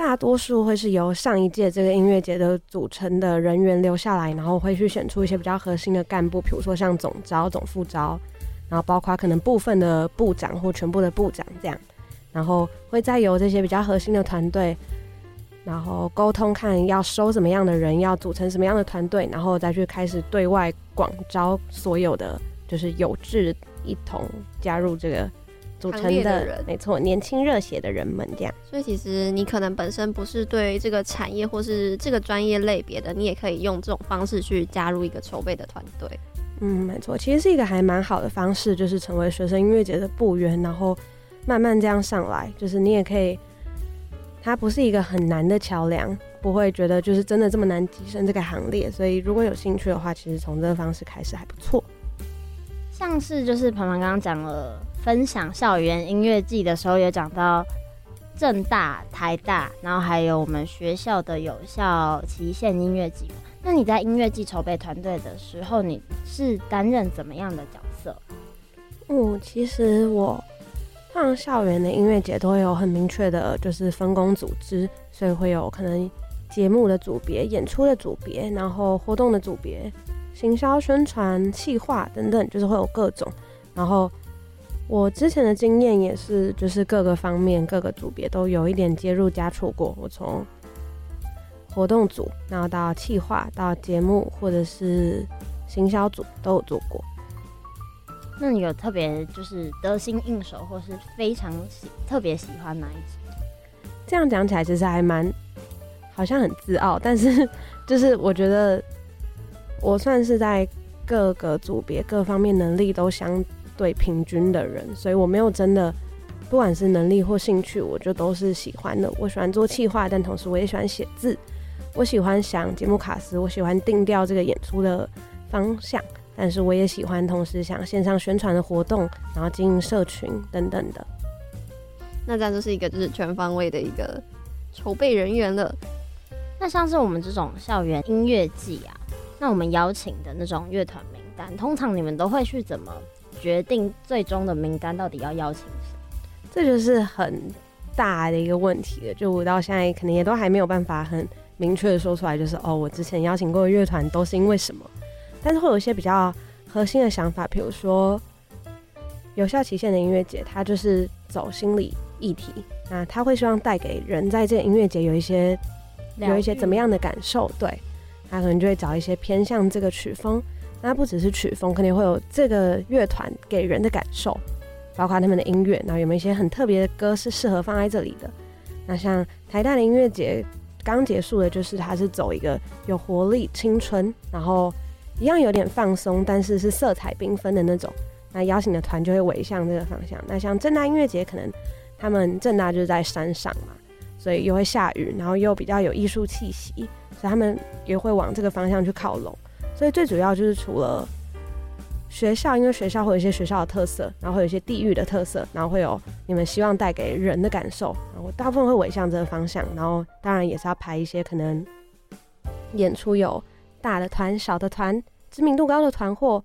大多數會是由上一屆這個音樂節的組成的人員留下來，然後會去選出一些比較核心的幹部，比如說像總招、總副招，然後包括可能部分的部長或全部的部長這樣，然後會再由這些比較核心的團隊，然後溝通看要收什麼樣的人，要組成什麼樣的團隊，然後再去開始對外廣招所有的就是有志一同加入這個。組成的，的人沒錯，年輕熱血的人們這樣。所以其實你可能本身不是對這個產業或是這個專業類別的，你也可以用這種方式去加入一個籌備的團隊。嗯，沒錯，其實是一個還蠻好的方式，就是成為學生音樂節的部員，然後慢慢這樣上來，就是你也可以，它不是一個很難的橋樑，不會覺得就是真的這麼難躋身這個行列。所以如果有興趣的話，其實從這個方式開始還不錯。像是就是盤盤剛剛講了，分享校園音樂季的時候，有講到政大、台大，然後還有我們學校的有效期限音樂季。那你在音樂季籌備團隊的時候，你是擔任怎麼樣的角色？嗯，其實我通常校園的音樂節都會有很明確的，就是分工組織，所以會有可能節目的組別、演出的組別，然後活動的組別、行銷宣傳、企劃等等，就是會有各種，然後。我之前的經驗也是，就是各個方面、各個組別都有一點介入加錯過。我從活動組，然後到企劃、到節目，或者是行銷組都有做過。那你有特別就是得心應手，或是非常喜特別喜歡哪一組？這樣講起來其實還蠻好像很自傲，但是就是我覺得我算是在各個組別、各方面能力都相。對平均的人，所以我沒有真的，不管是能力或興趣，我就都是喜歡的。我喜歡做企劃，但同時我也喜歡寫字。我喜歡想節目卡司，我喜歡定調這個演出的方向，但是我也喜歡同時想線上宣傳的活動，然後經營社群等等的。那這樣就是一個就是全方位的一個籌備人員了。那像是我們這種校園音樂祭啊，那我們邀請的那種樂團名單，通常你們都會去怎麼決定最終的名單，到底要邀請誰，這就是很大的一個問題了。就我到現在可能也都還沒有辦法很明確的說出來，就是哦，我之前邀請過的樂團都是因為什麼？但是會有一些比較核心的想法，比如說有效期限的音樂節，它就是走心理議題，那他會希望帶給人在這個音樂節有一些有一些怎麼樣的感受？對，他可能就會找一些偏向這個曲風。那不只是曲風，肯定會有這個樂團給人的感受，包括他們的音樂，然後有沒有一些很特別的歌是適合放在這裡的。那像台大的音樂祭剛結束的，就是它是走一個有活力、青春，然後一樣有點放鬆，但是是色彩繽紛的那種。那邀請的團就會圍向這個方向。那像政大音樂祭，可能他們政大就是在山上嘛，所以又會下雨，然後又比較有藝術氣息，所以他們也會往這個方向去靠攏。所以最主要就是除了學校，因為學校會有一些學校的特色，然後會有一些地域的特色，然後會有你們希望帶給人的感受，然後大部分會委向這個方向。然後當然也是要排一些可能演出有大的團、小的團、知名度高的團或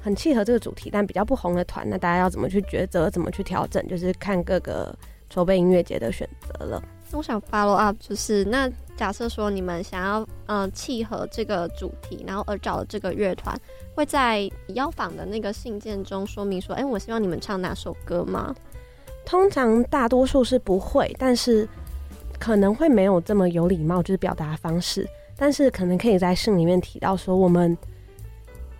很契合這個主題但比較不紅的團，那大家要怎麼去抉擇、怎麼去調整，就是看各個籌備音樂祭的選擇了。我想 follow up 就是，那假設說你們想要，嗯、呃，契合這個主題，然後而找這個樂團，會在邀訪的那個信件中說明說，哎、欸，我希望你們唱哪首歌嗎？通常大多數是不會，但是可能會沒有這麼有禮貌，就是表達方式，但是可能可以在信裡面提到說，我們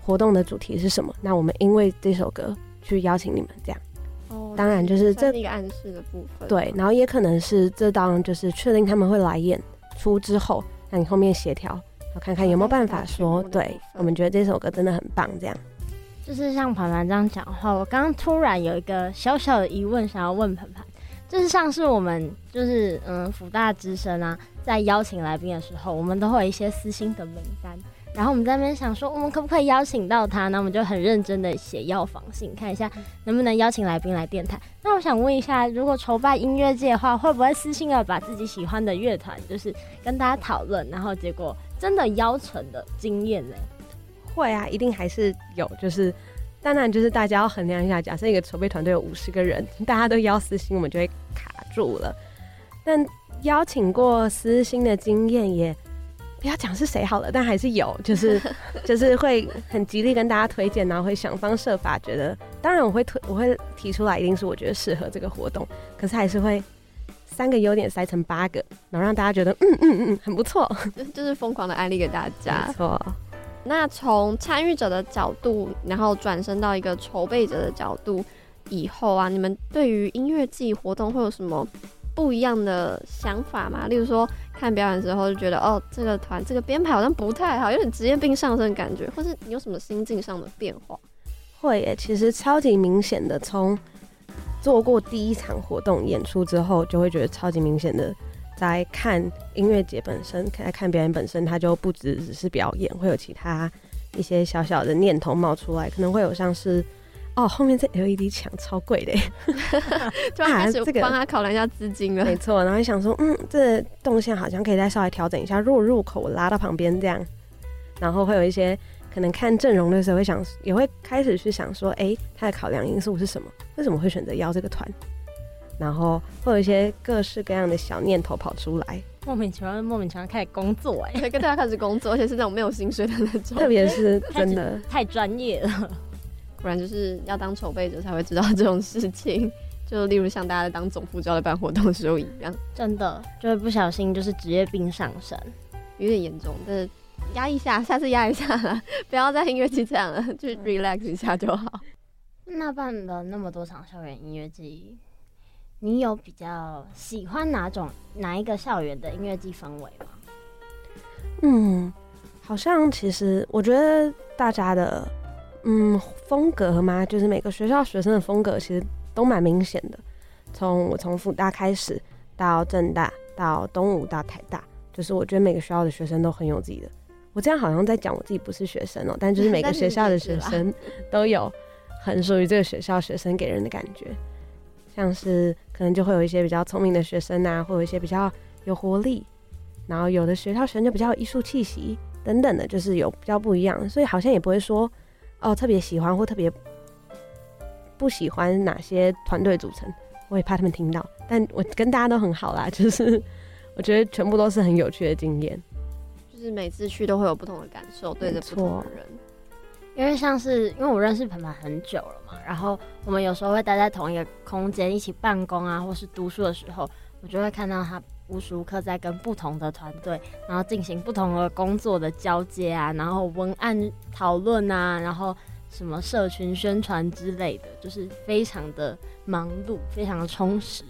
活動的主題是什麼，那我們因為這首歌去邀請你們，這樣。當然，就是這個暗示的部分。對，然後也可能是這檔，就是確定他們會來演出之後，那你後面協調，然後看看有沒有辦法說，對我們覺得這首歌真的很棒，這樣。就是像盤盤這樣講話，我剛剛突然有一個小小的疑問，想要問盤盤，就是像是我們就是嗯輔大之聲啊，在邀請來賓的時候，我們都會有一些私心的名單。然後我們在那邊想說，我們可不可以邀請到他，那我們就很認真的寫邀訪信，看一下能不能邀請來賓來電台。那我想問一下，如果籌備音樂祭的話，會不會私心要把自己喜歡的樂團，就是跟大家討論？然後結果真的邀成的經驗呢？會啊，一定還是有。就是當然，就是大家要衡量一下，假設一個籌備團隊有五十個人，大家都邀私心，我們就會卡住了。但邀請過私心的經驗也。不要講是誰好了，但還是有，就是就是會很極力跟大家推薦，然後會想方設法覺得，當然我會推，我會提出來，一定是我覺得適合這個活動，可是還是會三個優點塞成八個，然後讓大家覺得嗯嗯嗯很不錯，就是瘋狂的安利給大家。沒錯。那從參與者的角度，然後轉身到一個籌備者的角度以後啊，你們對於音樂祭活動會有什麼？不一樣的想法嘛，例如說看表演之後就覺得，哦，這個團這個編排好像不太好，有點職業病上升的感覺，或是你有什麼心境上的變化？會。誒，其實超級明顯的，從做過第一場活動演出之後，就會覺得超級明顯的，在看音樂祭本身，在看表演本身，它就不只只是表演，會有其他一些小小的念頭冒出來，可能會有像是。哦，後面這 LED 牆超貴的， 突然還是幫他考量一下資金了，啊，這個、沒錯。然後想說，嗯，這個、動線好像可以再稍微調整一下，入入口我拉到旁邊這樣，然後會有一些可能看陣容的時候會想，也會開始去想說，哎、欸，他的考量因素是什麼？為什麼會選擇邀這個團？然後會有一些各式各樣的小念頭跑出來，莫名其妙，莫名其妙開始工作，哎，跟大家開始工作，而且是那種沒有薪水的那種，特別是真的太專業了。不然就是要當籌備者才會知道這種事情，就例如像大家在當總副教的辦活動的時候一樣，真的就是不小心就是職業病上身，有點嚴重，就是壓一下，下次壓一下了，不要在音樂祭這樣了，就 relax 一下就好。嗯、那辦了那麼多場校園音樂祭，你有比較喜歡哪種哪一個校園的音樂祭氛圍嗎？嗯，好像其實我覺得大家的。嗯，風格嘛，就是每個學校學生的風格其實都蠻明顯的。從我從輔大開始，到政大，到東吳、到台大，就是我覺得每個學校的學生都很有自己的。我這樣好像在講我自己不是學生哦、喔，但就是每個學校的學生都有很屬於這個學校學生給人的感覺，像是可能就會有一些比較聰明的學生吶、啊，或有一些比較有活力，然後有的學校學生就比較有藝術氣息等等的，就是有比較不一樣，所以好像也不會說。哦，特別喜歡或特別不喜歡哪些團隊組成？我也怕他們聽到，但我跟大家都很好啦，就是我覺得全部都是很有趣的經驗，就是每次去都會有不同的感受，對着不同的人。因為像是因為我認識盤盤很久了嘛，然後我們有時候會待在同一個空間一起辦公啊，或是讀書的時候，我就會看到他。無時無刻在跟不同的團隊，然後進行不同的工作的交接啊，然後文案討論啊，然後什麼社群宣傳之類的，就是非常的忙碌，非常的充實。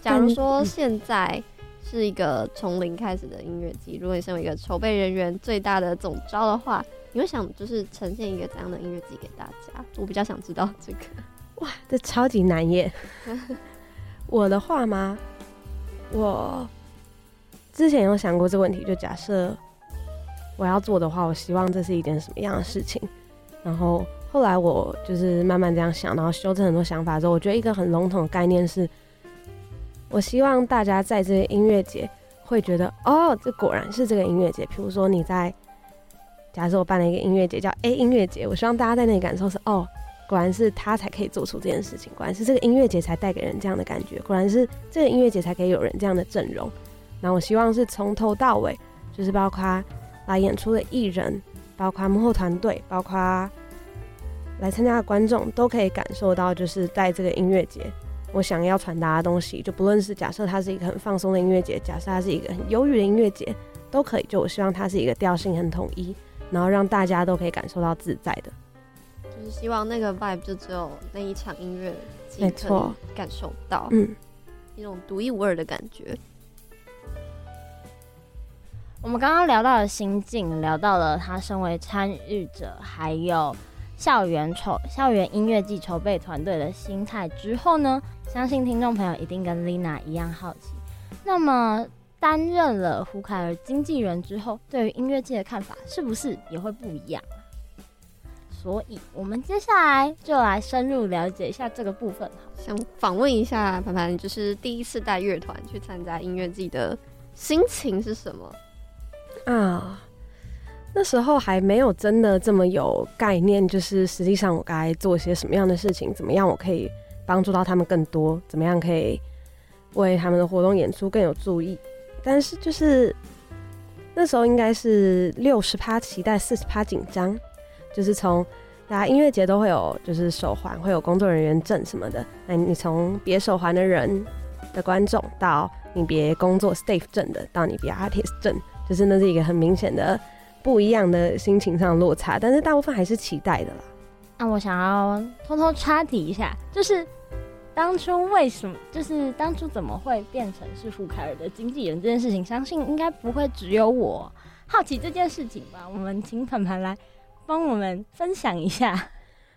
假如說現在是一個從零開始的音樂祭，如果你身為一個籌備人員，最大的總召的話，你會想就是呈現一個怎樣的音樂祭給大家？我比較想知道這個。哇，這超級難耶。 我的話嗎？我之前有想過這個問題，就假設我要做的話，我希望這是一件什麼樣的事情。然後後來我就是慢慢這樣想，然後修正很多想法之後，我覺得一個很籠統的概念是，我希望大家在這些音樂節會覺得，哦，這果然是這個音樂節。譬如說你在假設我辦了一個音樂節叫 A 音樂節，我希望大家在那裡感受是，哦。果然是他才可以做出這件事情，果然是這個音樂節才帶給人這樣的感覺，果然是這個音樂節才可以有人這樣的陣容。那我希望是從頭到尾，就是包括來演出的藝人，包括幕後團隊，包括來參加的觀眾，都可以感受到，就是在這個音樂節，我想要傳達的東西，就不論是假設它是一個很放鬆的音樂節，假設它是一個很憂鬱的音樂節，都可以。就我希望它是一個調性很統一，然後讓大家都可以感受到自在的。就是希望那個 vibe 就只有那一場音樂，沒錯，感受到，嗯，一種獨一無二的感覺。我們剛剛聊到了心境，聊到了他身為參與者，還有校園籌、校園音樂祭籌備團隊的心態之後呢，相信聽眾朋友一定跟 Lia 一樣好奇。那麼，擔任了胡凱兒經紀人之後，對於音樂祭的看法是不是也會不一樣？所以，我們接下來就來深入了解一下這個部分。好，想訪問一下盤盤，盤盤就是第一次帶樂團去參加音樂祭的心情是什麼？啊，那時候還沒有真的這麼有概念，就是實際上我該做些什麼樣的事情，怎麼樣我可以幫助到他們更多，怎麼樣可以為他們的活動演出更有助益。但是，就是那時候應該是六十趴期待，四十趴緊張。就是從，大家音樂節都會有，就是手環會有工作人員證什麼的。那你從別手環的人的觀眾，到你別工作 staff 證的，到你別 artist 證，就是那是一個很明顯的不一樣的心情上落差。但是大部分還是期待的啦。那、啊、我想要偷偷插題一下，就是當初為什麼，就是當初怎麼會變成是胡凱兒的經紀人這件事情，相信應該不會只有我好奇這件事情吧？我們請盤盤來幫我們分享一下，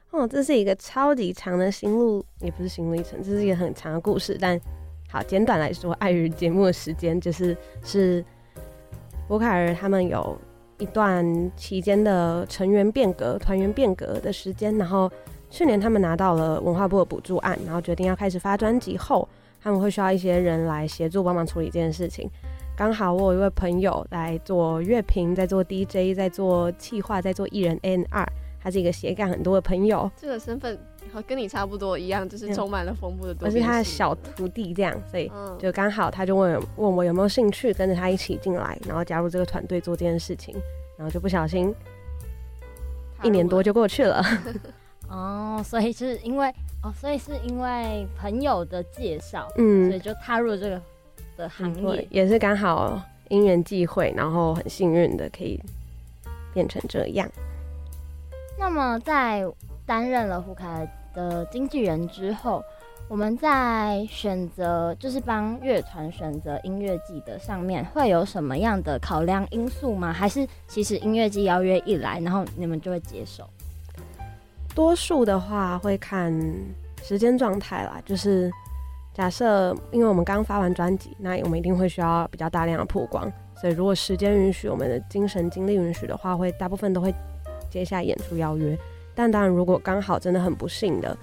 哦，這是一個超級長的心路，也不是心路歷程，這是一個很長的故事。但好簡短來說，礙於節目的時間，就是是胡凱兒他們有一段期間的成員變革、團員變革的時間。然後去年他們拿到了文化部的補助案，然後決定要開始發專輯後，他們會需要一些人來協助幫忙處理這件事情。剛好我有一位朋友來做樂評，在做 DJ，在做企劃，在做藝人 A&R，他是一個斜槓很多的朋友，這個身份和跟你差不多一樣，就是充滿了豐富的東西。嗯，我是他的小徒弟這樣，嗯、所以就剛好他就問問我有沒有興趣跟着他一起進來，然後加入這個團隊做這件事情，然後就不小心一年多就過去了。 哦，所以是因為哦，所以是因為朋友的介紹，嗯，所以就踏入這個。的行業、嗯、也是剛好因緣際會，然後很幸運的可以變成這樣。那麼，在擔任了胡凱的經紀人之後，我們在選擇就是幫樂團選擇音樂祭的上面，會有什麼樣的考量因素嗎？還是其實音樂祭邀約一來，然後你們就會接受？多數的話會看時間狀態啦，就是。假設，因為我們剛發完專輯，那我們一定會需要比較大量的曝光，所以如果時間允許，我們的精神精力允許的話，會大部分都會接下演出邀約。但當然，如果剛好真的很不幸的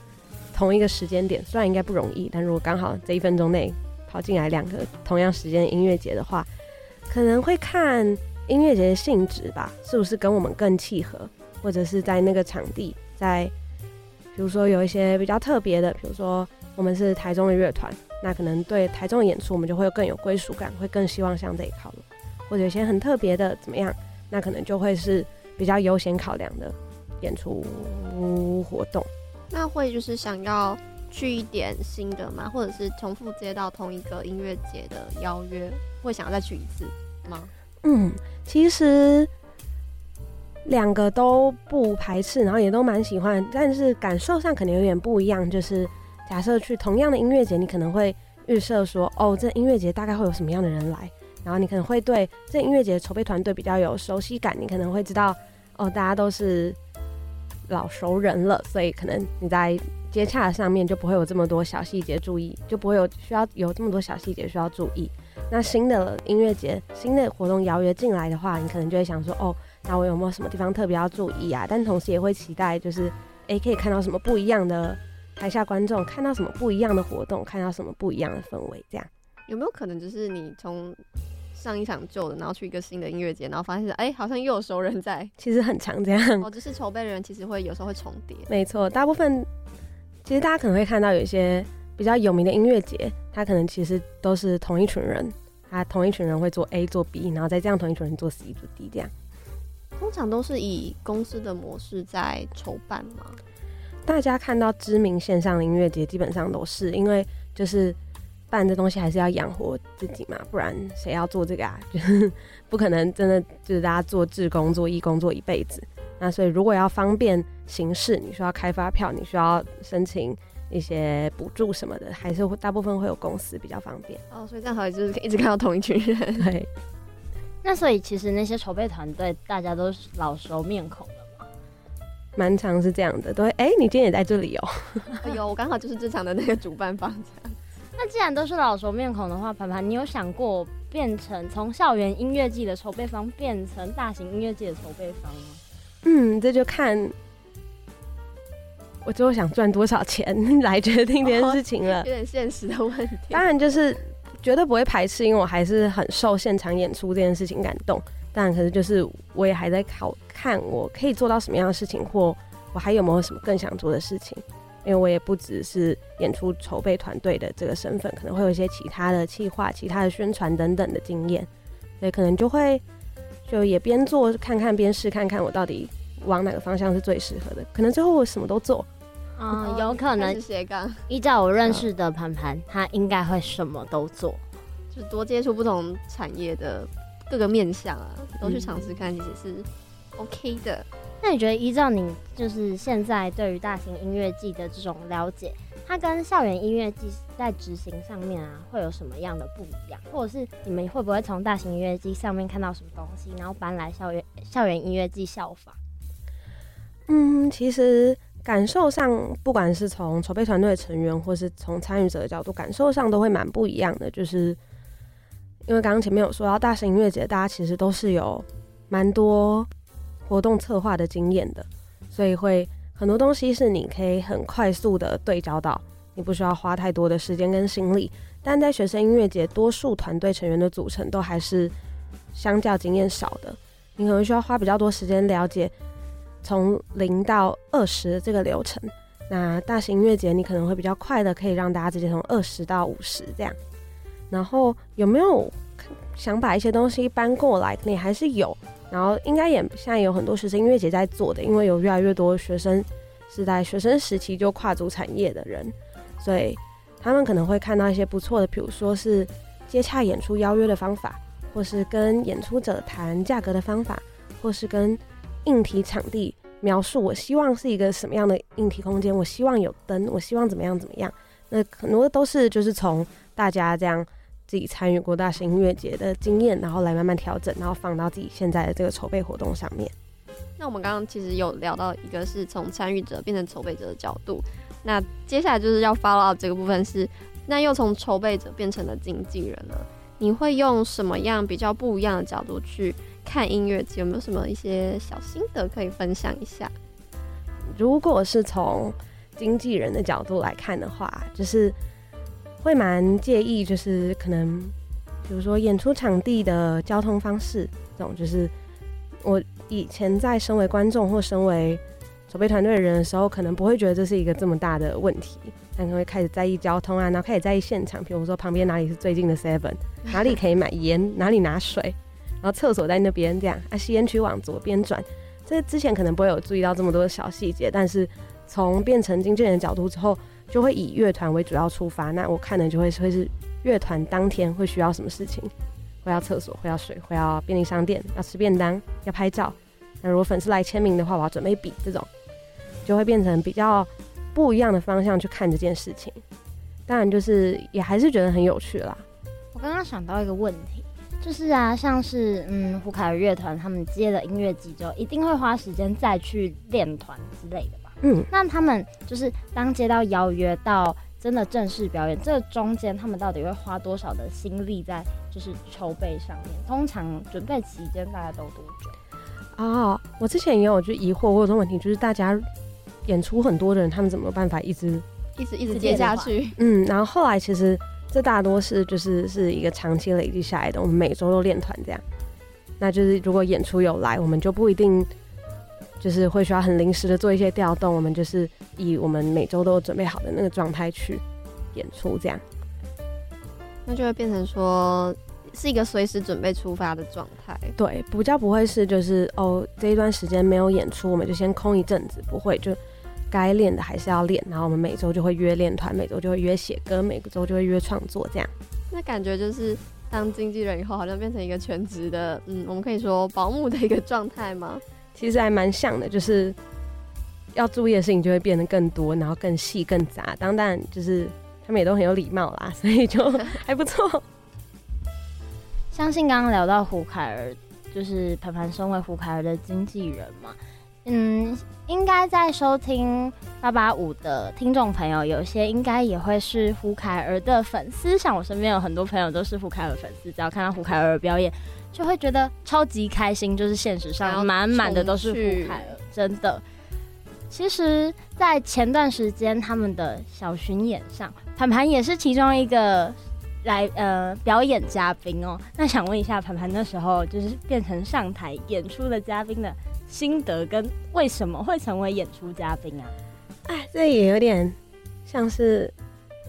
同一個時間點，雖然應該不容易，但如果剛好這一分鐘內跑進來兩個同樣時間的音樂節的話，可能會看音樂節的性質吧，是不是跟我們更契合，或者是在那個場地，在比如說有一些比較特別的，比如說。我們是台中的樂團，那可能對台中的演出，我們就會有更有歸屬感，會更希望向這一靠，或者一些很特別的怎麼樣，那可能就會是比較優先考量的演出活動。那會就是想要去一點新的嗎？或者是重複接到同一個音樂節的邀約，會想要再去一次嗎？嗯，其實兩個都不排斥，然後也都蠻喜歡，但是感受上可能有點不一樣，就是。假設去同樣的音樂節，你可能會預設說，哦，這音樂節大概會有什麼樣的人來，然後你可能會對這音樂節的籌備團隊比較有熟悉感，你可能會知道，哦，大家都是老熟人了，所以可能你在接洽上面就不會有這麼多小細節注意，就不會有需要有這麼多小細節需要注意。那新的音樂節、新的活動邀約進來的話，你可能就會想說，哦，那我有沒有什麼地方特別要注意啊？但同時也會期待，就是，誒、欸，可以看到什麼不一樣的。台下觀眾看到什麼不一樣的活動，看到什麼不一樣的氛圍，這樣有沒有可能就是你從上一場舊的，然後去一個新的音樂節，然後發現哎、欸，好像又有熟人在，其實很常這樣。哦，就是籌備人其實會有時候會重疊。沒錯，大部分其實大家可能會看到有一些比較有名的音樂節，他可能其實都是同一群人，他同一群人會做 A 做 B，然後再這樣同一群人做 C 做 D，這樣通常都是以公司的模式在籌辦嗎？大家看到知名線上的音樂節，基本上都是因為就是辦這東西還是要養活自己嘛，不然誰要做這個啊？就不可能真的就是大家做志工做義工做一輩子。那所以如果要方便行事，你需要開發票，你需要申請一些補助什麼的，還是會大部分會有公司比較方便。哦，所以剛好就是一直看到同一群人。對 那所以其實那些籌備團隊，大家都老熟面孔。蠻常是這樣的，都會哎，你今天也在這裡，喔、哦。有，我剛好就是這場的那個主辦方這樣。 那既然都是老熟面孔的話，盤盤，你有想過變成從校園音樂祭的籌備方變成大型音樂祭的籌備方嗎？嗯，這就看我最後想賺多少錢來決定這件事情了。哦、有點現實的問題。當然，就是絕對不會排斥，因為我還是很受現場演出這件事情感動。但可是，就是我也還在考看我可以做到什麼樣的事情，或我還有沒有什麼更想做的事情。因為我也不只是演出籌備團隊的這個身份，可能會有一些其他的企劃、其他的宣傳等等的經驗，所以可能就會就也邊做看看邊試看看我到底往哪個方向是最適合的。可能最後我什麼都做，嗯， 有可能是斜槓。依照我認識的盤盤，嗯，他應該會什麼都做，就多接觸不同產業的。各個面向啊，都去嘗試看，okay. 其實是 OK 的。那你覺得依照你就是現在對於大型音樂祭的這種了解，它跟校園音樂祭在執行上面啊，會有什麼樣的不一樣？或者是你們會不會從大型音樂祭上面看到什麼東西，然後搬來校園校園音樂祭效仿？嗯，其實感受上，不管是從籌備團隊成員，或是從參與者的角度，感受上都會蠻不一樣的，就是。因為剛剛前面有說到大型音樂節，大家其實都是有蠻多活動策劃的經驗的，所以會很多東西是你可以很快速的對焦到，你不需要花太多的時間跟心力。但在學生音樂節，多數團隊成員的組成都還是相較經驗少的，你可能需要花比較多時間了解從零到二十這個流程。那大型音樂節，你可能會比較快的可以讓大家直接從二十到五十這樣。然後有沒有想把一些東西搬過來？你還是有，然後應該也現在有很多學生音樂節在做的，因為有越來越多學生是在學生時期就跨足產業的人，所以他們可能會看到一些不錯的，比如說是接洽演出邀約的方法，或是跟演出者談價格的方法，或是跟硬體場地描述我希望是一個什麼樣的硬體空間，我希望有燈，我希望怎麼樣怎麼樣，那很多都是就是從大家這樣。自己參與過大型音樂節的經驗，然後來慢慢調整，然後放到自己現在的這個籌備活動上面。那我們剛剛其實有聊到一個是從參與者變成籌備者的角度，那接下來就是要 follow up 這個部分是，那又從籌備者變成了經紀人了，你會用什麼樣比較不一樣的角度去看音樂節？有沒有什麼一些小心得可以分享一下？如果是從經紀人的角度來看的話，就是。會蠻介意，就是可能，比如說演出場地的交通方式這種，就是我以前在身為觀眾或身為籌備團隊的人的時候，可能不會覺得這是一個這麼大的問題，但會開始在意交通啊，然後開始在意現場，比如說旁邊哪裡是最近的 Seven，哪裡可以買鹽， 哪裡拿水，然後廁所在那邊這樣，啊吸煙區往左邊轉，這之前可能不會有注意到這麼多的小細節，但是從變成經紀人的角度之後。就會以樂團為主要出發，那我看的就會會是樂團當天會需要什麼事情，會要廁所，會要水，會要便利商店，要吃便當，要拍照。那如果粉絲來簽名的話，我要準備筆這種，就會變成比較不一樣的方向去看這件事情。當然，就是也還是覺得很有趣啦。我剛剛想到一個問題，就是啊，像是嗯胡凱兒樂團他們接了音樂祭之後，一定會花時間再去練團之類的。嗯，那他們就是當接到邀約到真的正式表演，這中間他們到底會花多少的心力在就是籌備上面？通常準備期間大概都多久？啊、哦，我之前也有去疑惑，我有種問題，就是大家演出很多的人，他們怎麼辦法一直一直一直接下去？嗯，然後後來其實這大多是就是是一個長期累積下來的，我們每週都練團這樣。那就是如果演出有來，我們就不一定。就是會需要很臨時的做一些調動，我們就是以我們每周都有準備好的那個狀態去演出。這樣，那就會變成說是一個隨時準備出發的狀態。對，比較不會是就是哦，這一段時間沒有演出，我們就先空一陣子，不會，就該練的還是要練，然後我們每周就會約練團，每周就會約寫歌，每個周就會約創作這樣。那感覺就是當經紀人以後，好像變成一個全職的，嗯，我們可以說保姆的一個狀態嗎？其實還蠻像的，就是要注意的事情就會變得更多，然後更細、更雜。當然，就是他們也都很有禮貌啦，所以就還不錯。 相信剛剛聊到胡凱兒，就是盤盤身為胡凱兒的經紀人嘛，嗯，應該在收聽八八五的聽眾朋友，有些應該也會是胡凱兒的粉絲。像我身邊有很多朋友都是胡凱兒粉絲，只要看到胡凱兒的表演，就會覺得超級開心，就是現實上滿滿的都是舞台了，真的。其實，在前段時間他們的小巡演上，盤盤也是其中一個來呃表演嘉賓哦。那想問一下盤盤，那時候就是變成上台演出的嘉賓的心得，跟為什麼會成為演出嘉賓啊？哎，這也有點像是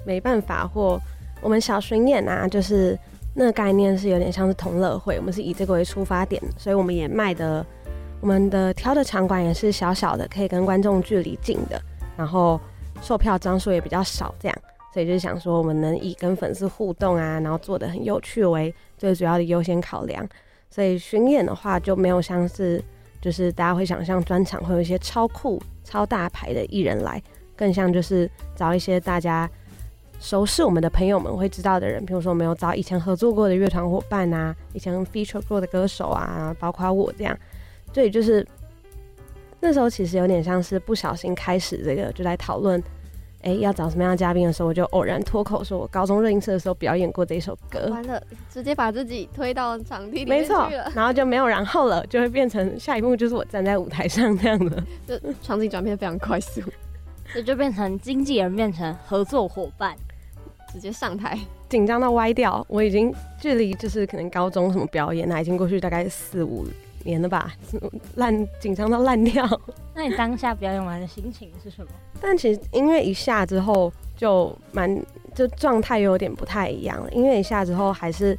沒辦法，或我們小巡演啊，就是。那個概念是有點像是同樂會，我們是以這個為出發點，所以我們也賣的，我們的挑的場館也是小小的，可以跟觀眾距離近的，然後售票張數也比較少，這樣，所以就是想說我們能以跟粉絲互動啊，然後做得很有趣為最主要的優先考量，所以巡演的話就沒有像是就是大家會想象專場會有一些超酷超大牌的藝人來，更像就是找一些大家，熟悉我們的朋友們會知道的人，比如說我們有找以前合作過的樂團夥伴啊，以前 feature 過的歌手啊，包括我這樣。所以就是那時候其實有點像是不小心開始這個就在討論，哎、欸，要找什麼樣的嘉賓的時候，我就偶然脫口說我高中熱音社的時候表演過這一首歌，完了直接把自己推到場地裡面去了。沒錯，然後就沒有然後了，就會變成下一步就是我站在舞台上那樣的，場景轉變非常快速，這 就，就變成經紀人變成合作夥伴。直接上臺，緊張到歪掉。我已經距離就是可能高中什麼表演啊，已經過去大概四五年了吧，爛緊張到爛掉。那你當下表演完的心情是什麼？ 但其實音樂一下之後就蠻就狀態有點不太一樣了。音樂一下之後還是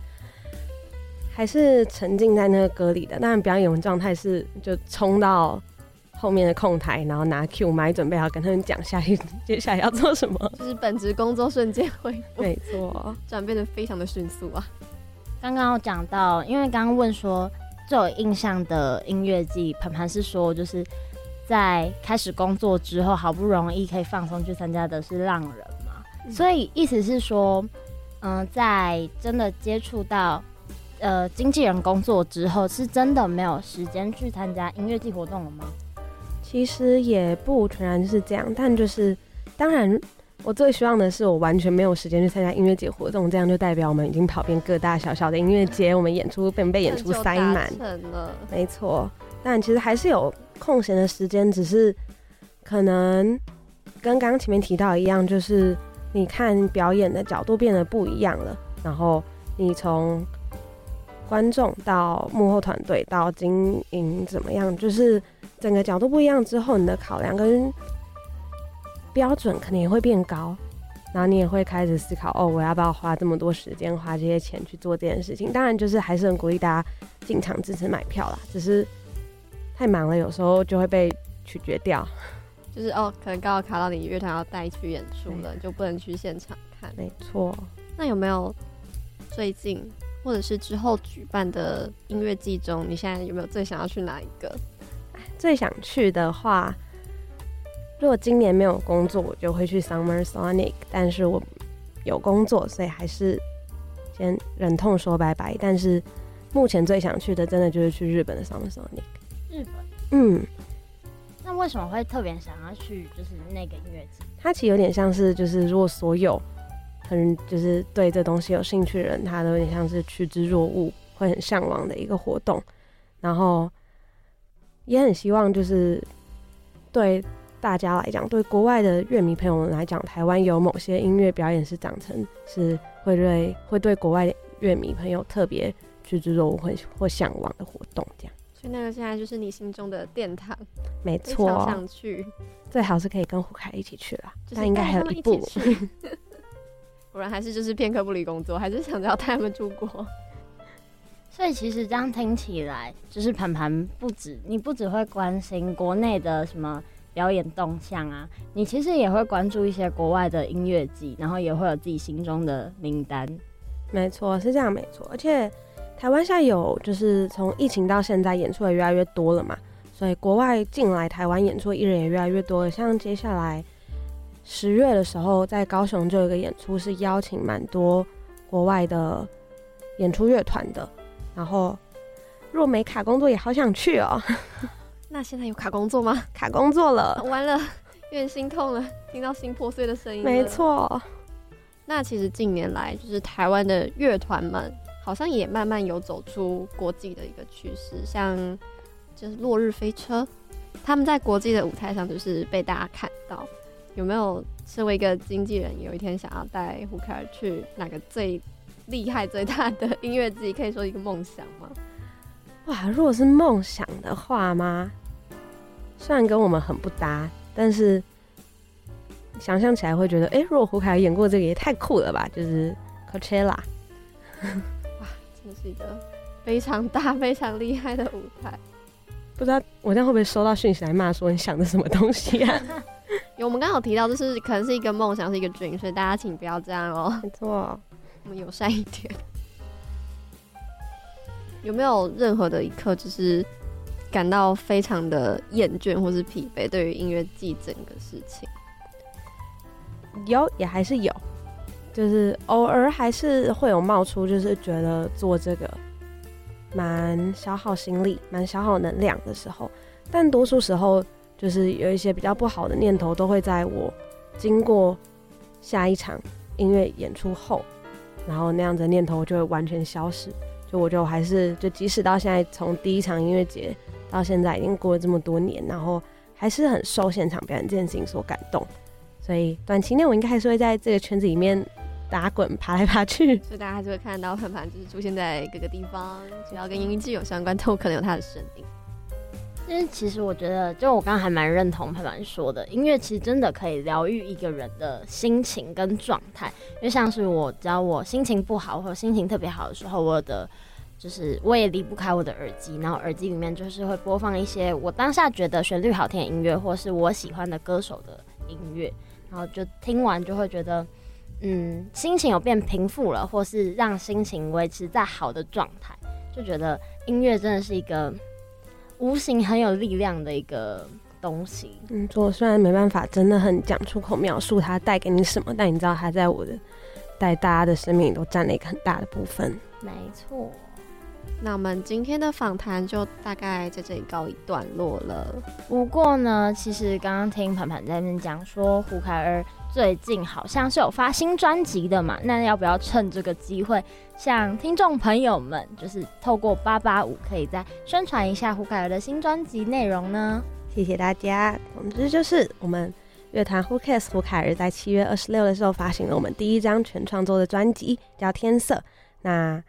還是沉浸在那個歌裡的，但表演完狀態是就衝到後面的控台，然後拿 Q 麥準備好，跟他們講下去，接下來要做什麼。就是本職工作瞬間會沒錯轉、啊、變的非常的迅速啊。剛剛我講到，因為剛剛問說最有印象的音樂祭，盤盤是說就是在開始工作之後，好不容易可以放鬆去參加的是浪人嘛、嗯。所以意思是說，嗯、呃，在真的接觸到呃經紀人工作之後，是真的沒有時間去參加音樂祭活動了嗎？其實也不全然是這樣，但就是，當然，我最希望的是我完全沒有時間去參加音樂節活動，這樣就代表我們已經跑遍各大小小的音樂節， 我們演出被被演出塞滿 了，沒錯。但其實還是有空閒的時間，只是可能跟剛剛前面提到一樣，就是你看表演的角度變得不一樣了，然後你從觀眾到幕後團隊到經營怎麼樣，就是。整個角度不一樣之後，你的考量跟標準可能也會變高，然後你也會開始思考：哦，我要不要花這麼多時間、花這些錢去做這件事情？當然，就是還是很鼓勵大家進場支持買票啦。只是太忙了，有時候就會被取決掉。就是哦，可能剛好卡到你樂團要帶去演出了，就不能去現場看。沒錯。那有沒有最近或者是之後舉辦的音樂祭中，你現在有沒有最想要去哪一個？最想去的話，如果今年沒有工作，我就會去 Summer Sonic。但是我有工作，所以還是先忍痛說拜拜。但是目前最想去的，真的就是去日本的 Summer Sonic。日本，嗯，那為什麼會特別想要去？就是那個音樂節？它其實有點像是，就是如果所有很就是對這東西有興趣的人，他都有點像是趨之若鶩，會很嚮往的一個活動。然後。也很希望，就是對大家來講，對國外的樂迷朋友們來講，台灣有某些音樂表演是長成，是會對會對國外樂迷朋友特別去執我或或向往的活動，這樣。所以那個現在就是你心中的殿堂，沒錯，想去，最好是可以跟胡凱一起去啦，就是、應他但應該還有一步，不 然還是就是片刻不離工作，還是想着帶他們出國。所以其實這樣聽起來，就是盤盤不止你不只會關心國內的什麼表演動向啊，你其實也會關注一些國外的音樂祭，然後也會有自己心中的名單。沒錯，是這樣沒錯。而且台灣現在有就是從疫情到現在，演出也越來越多了嘛，所以國外進來台灣演出藝人也越來越多了。像接下來十月的時候，在高雄就有個演出，是邀請蠻多國外的演出樂團的。然後，若沒卡工作也好想去哦。 那現在有卡工作嗎？卡工作了，完了，有點心痛了，聽到心破碎的聲音了。沒錯。那其實近年來，就是台灣的樂團們，好像也慢慢有走出國際的一個趨勢。像就是落日飛車，他們在國際的舞台上就是被大家看到。有沒有身為一個經紀人，有一天想要帶胡凱兒去哪個最？厲害最大的音樂祭，自己可以說一個夢想嗎？哇，如果是夢想的話嗎？雖然跟我們很不搭，但是想象起來會覺得，哎、欸，如果胡凱兒演過這個也太酷了吧？就是 Coachella，哇，真是一個非常大、非常厲害的舞台。不知道我這樣會不會收到訊息來罵說，你想的什麼東西因、啊、為、 欸、我們剛好有提到，就是可能是一個夢想，是一個 dream，所以大家請不要這樣哦、喔。沒錯。我們友善一點。有沒有任何的一刻，就是感到非常的厭倦或是疲憊？對於音樂祭整個事情。有也還是有，就是偶爾還是會有冒出，就是覺得做這個蠻消耗心力、蠻消耗能量的時候。但多數時候，就是有一些比較不好的念頭，都會在我經過下一場音樂演出後。然後那樣子的念頭就會完全消失，就我就還是就即使到現在，從第一場音樂祭到現在已經過了這麼多年，然後還是很受現場表演這件事情所感動，所以短期內我應該還是會在這個圈子裡面打滾爬來爬去，所以大家還是會看到盤盤就是出現在各個地方，只要跟音樂祭有相關都可能有他的身影。因為其實我覺得，就我剛剛還蠻認同還蠻說的，音樂其實真的可以療癒一個人的心情跟狀態。因為像是我，只要我心情不好或心情特別好的時候，我的就是我也離不開我的耳機，然後耳機裡面就是會播放一些我當下覺得旋律好聽的音樂，或是我喜歡的歌手的音樂，然後就聽完就會覺得，嗯，心情有變平復了，或是讓心情維持在好的狀態，就覺得音樂真的是一個。無形很有力量的一個東西。嗯，我雖然沒辦法真的很講出口描述它帶給你什麼，但你知道它在我的，帶大家的生命裡都佔了一個很大的部分。沒錯。那我們今天的訪談就大概在這裡告一段落了。不過呢，其實剛剛聽盤盤在那邊講說，胡凱兒最近好像是有發新專輯的嘛？那要不要趁這個機會？向聽眾朋友們，就是透過八八五，可以再宣傳一下胡凱兒的新專輯內容呢。謝謝大家。總之就是，我們樂團 Who Cares 胡凱兒在七月二十六的時候發行了我們第一張全創作的專輯，叫《天色》，那。那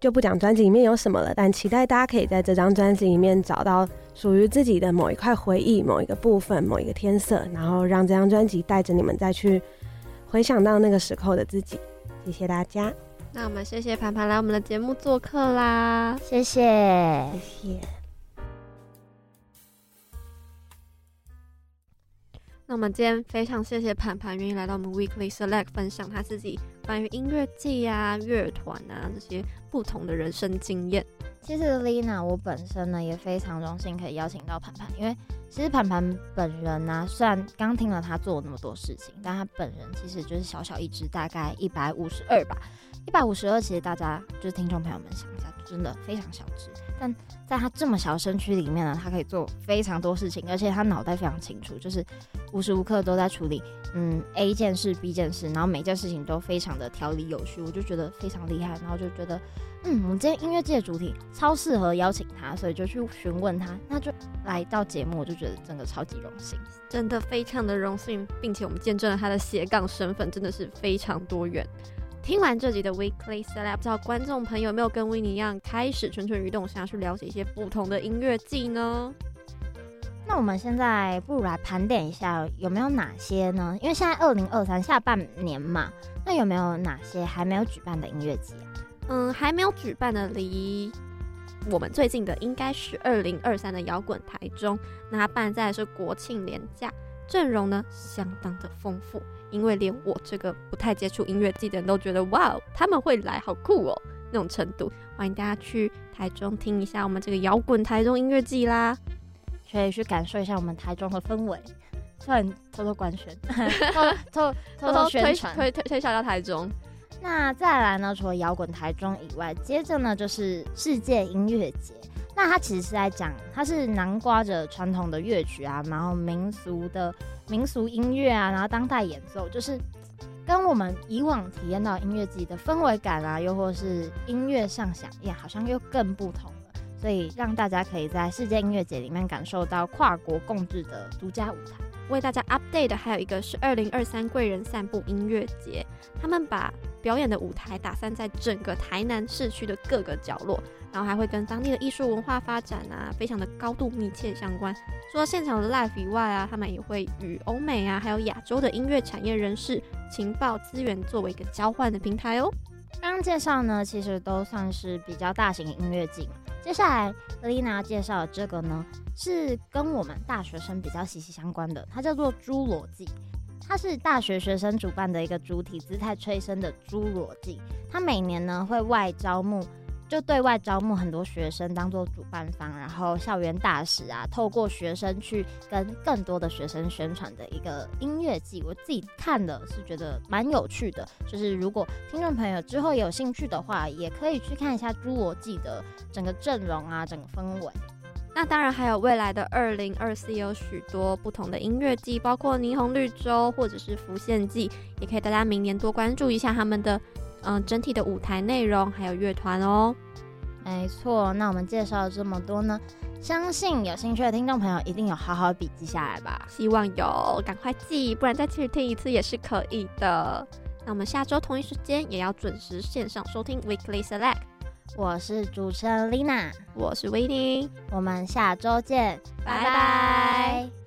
就不講專輯裡面有什麼了，但期待大家可以在這張專輯裡面找到屬於自己的某一塊回憶、某一個部分、某一個天色，然後讓這張專輯帶着你們再去回想到那個時候的自己。謝謝大家。那我們謝謝盤盤來我們的節目做客啦，謝謝，謝謝。那我們今天非常謝謝盤盤願意來到我們 Weekly Select 分享他自己關於音樂祭啊、樂團啊這些不同的人生經驗。其實 Lia 我本身呢也非常榮幸可以邀請到盤盤，因為其實盤盤本人呢、啊，雖然剛聽了他做了那麼多事情，但他本人其實就是小小一只，大概一百五十二吧。一百五十二，其實大家就是聽眾朋友們想一下，真的非常小只，但在它這麼小的身軀裡面呢，它可以做非常多事情，而且它腦袋非常清楚，就是無時無刻都在處理，嗯，A 件事 B 件事，然後每件事情都非常的條理有序，我就覺得非常厲害，然後就覺得，嗯，我們今天音樂祭的主題超適合邀請他，所以就去詢問他，那就來到節目，我就覺得真的超級榮幸，真的非常的榮幸，並且我們見證了他的斜槓身份，真的是非常多元。聽完這集的 Weekly Select，不知道觀眾朋友有沒有跟 Winnie 一樣開始蠢蠢欲動，想要去了解一些不同的音樂祭呢？那我們現在不如來盤點一下，有沒有哪些呢？因為現在二零二三下半年嘛，那有沒有哪些還沒有舉辦的音樂祭、啊？嗯，還沒有舉辦的離，離我們最近的應該是二零二三的搖滾台中，那它辦在是國慶連假，陣容呢相當的豐富。因為連我這個不太接觸音樂祭的人都覺得哇，他們會來，好酷哦，那種程度。歡迎大家去台中聽一下我們這個搖滾台中音樂祭啦，可以去感受一下我們台中的氛圍。突然偷偷官宣，偷偷偷偷宣傳推推推銷，到台中。那再來呢？除了搖滾台中以外，接着呢就是世界音樂節。那他其實是在講，它是囊括着傳統的樂曲啊，然後民俗的民俗音樂啊，然後當代演奏，就是跟我們以往體驗到音樂節的氛圍感啊，又或是音樂上響應，也好像又更不同了。所以讓大家可以在世界音樂節裡面感受到跨國共治的獨家舞台。為大家 update 的還有一個是二零二三貴人散步音樂節，他們把表演的舞台打散在整個台南市區的各個角落。然後還會跟當地的藝術文化發展啊，非常的高度密切相關。除了現場的 live 以外啊，他們也會與歐美啊，還有亞洲的音樂產業人士情報資源作為一個交換的平台哦。剛剛介紹呢，其實都算是比較大型的音樂祭。接下來，莉娜介紹的這個呢，是跟我們大學生比較息息相關的，它叫做“侏羅紀”，它是大學學生主辦的一個主體姿態催生的“侏羅紀”，它每年呢會外招募。就對外招募很多學生當做主辦方，然後校園大使啊，透過學生去跟更多的學生宣傳的一個音樂季。我自己看了是覺得蠻有趣的，就是如果聽眾朋友之後有興趣的話，也可以去看一下《侏羅紀》的整個陣容啊，整個氛圍。那當然還有未來的二零二四有許多不同的音樂季，包括霓虹綠洲或者是浮現季，也可以大家明年多關注一下他們的。嗯，整體的舞台內容還有樂團哦，沒錯。那我們介紹了這麼多呢，相信有興趣的聽眾朋友一定有好好筆記下來吧。希望有，趕快記，不然再繼續聽一次也是可以的。那我們下周同一時間也要準時線上收聽 Weekly Select。我是主持人 Lina，我是 Winnie，我們下周見，拜拜。Bye bye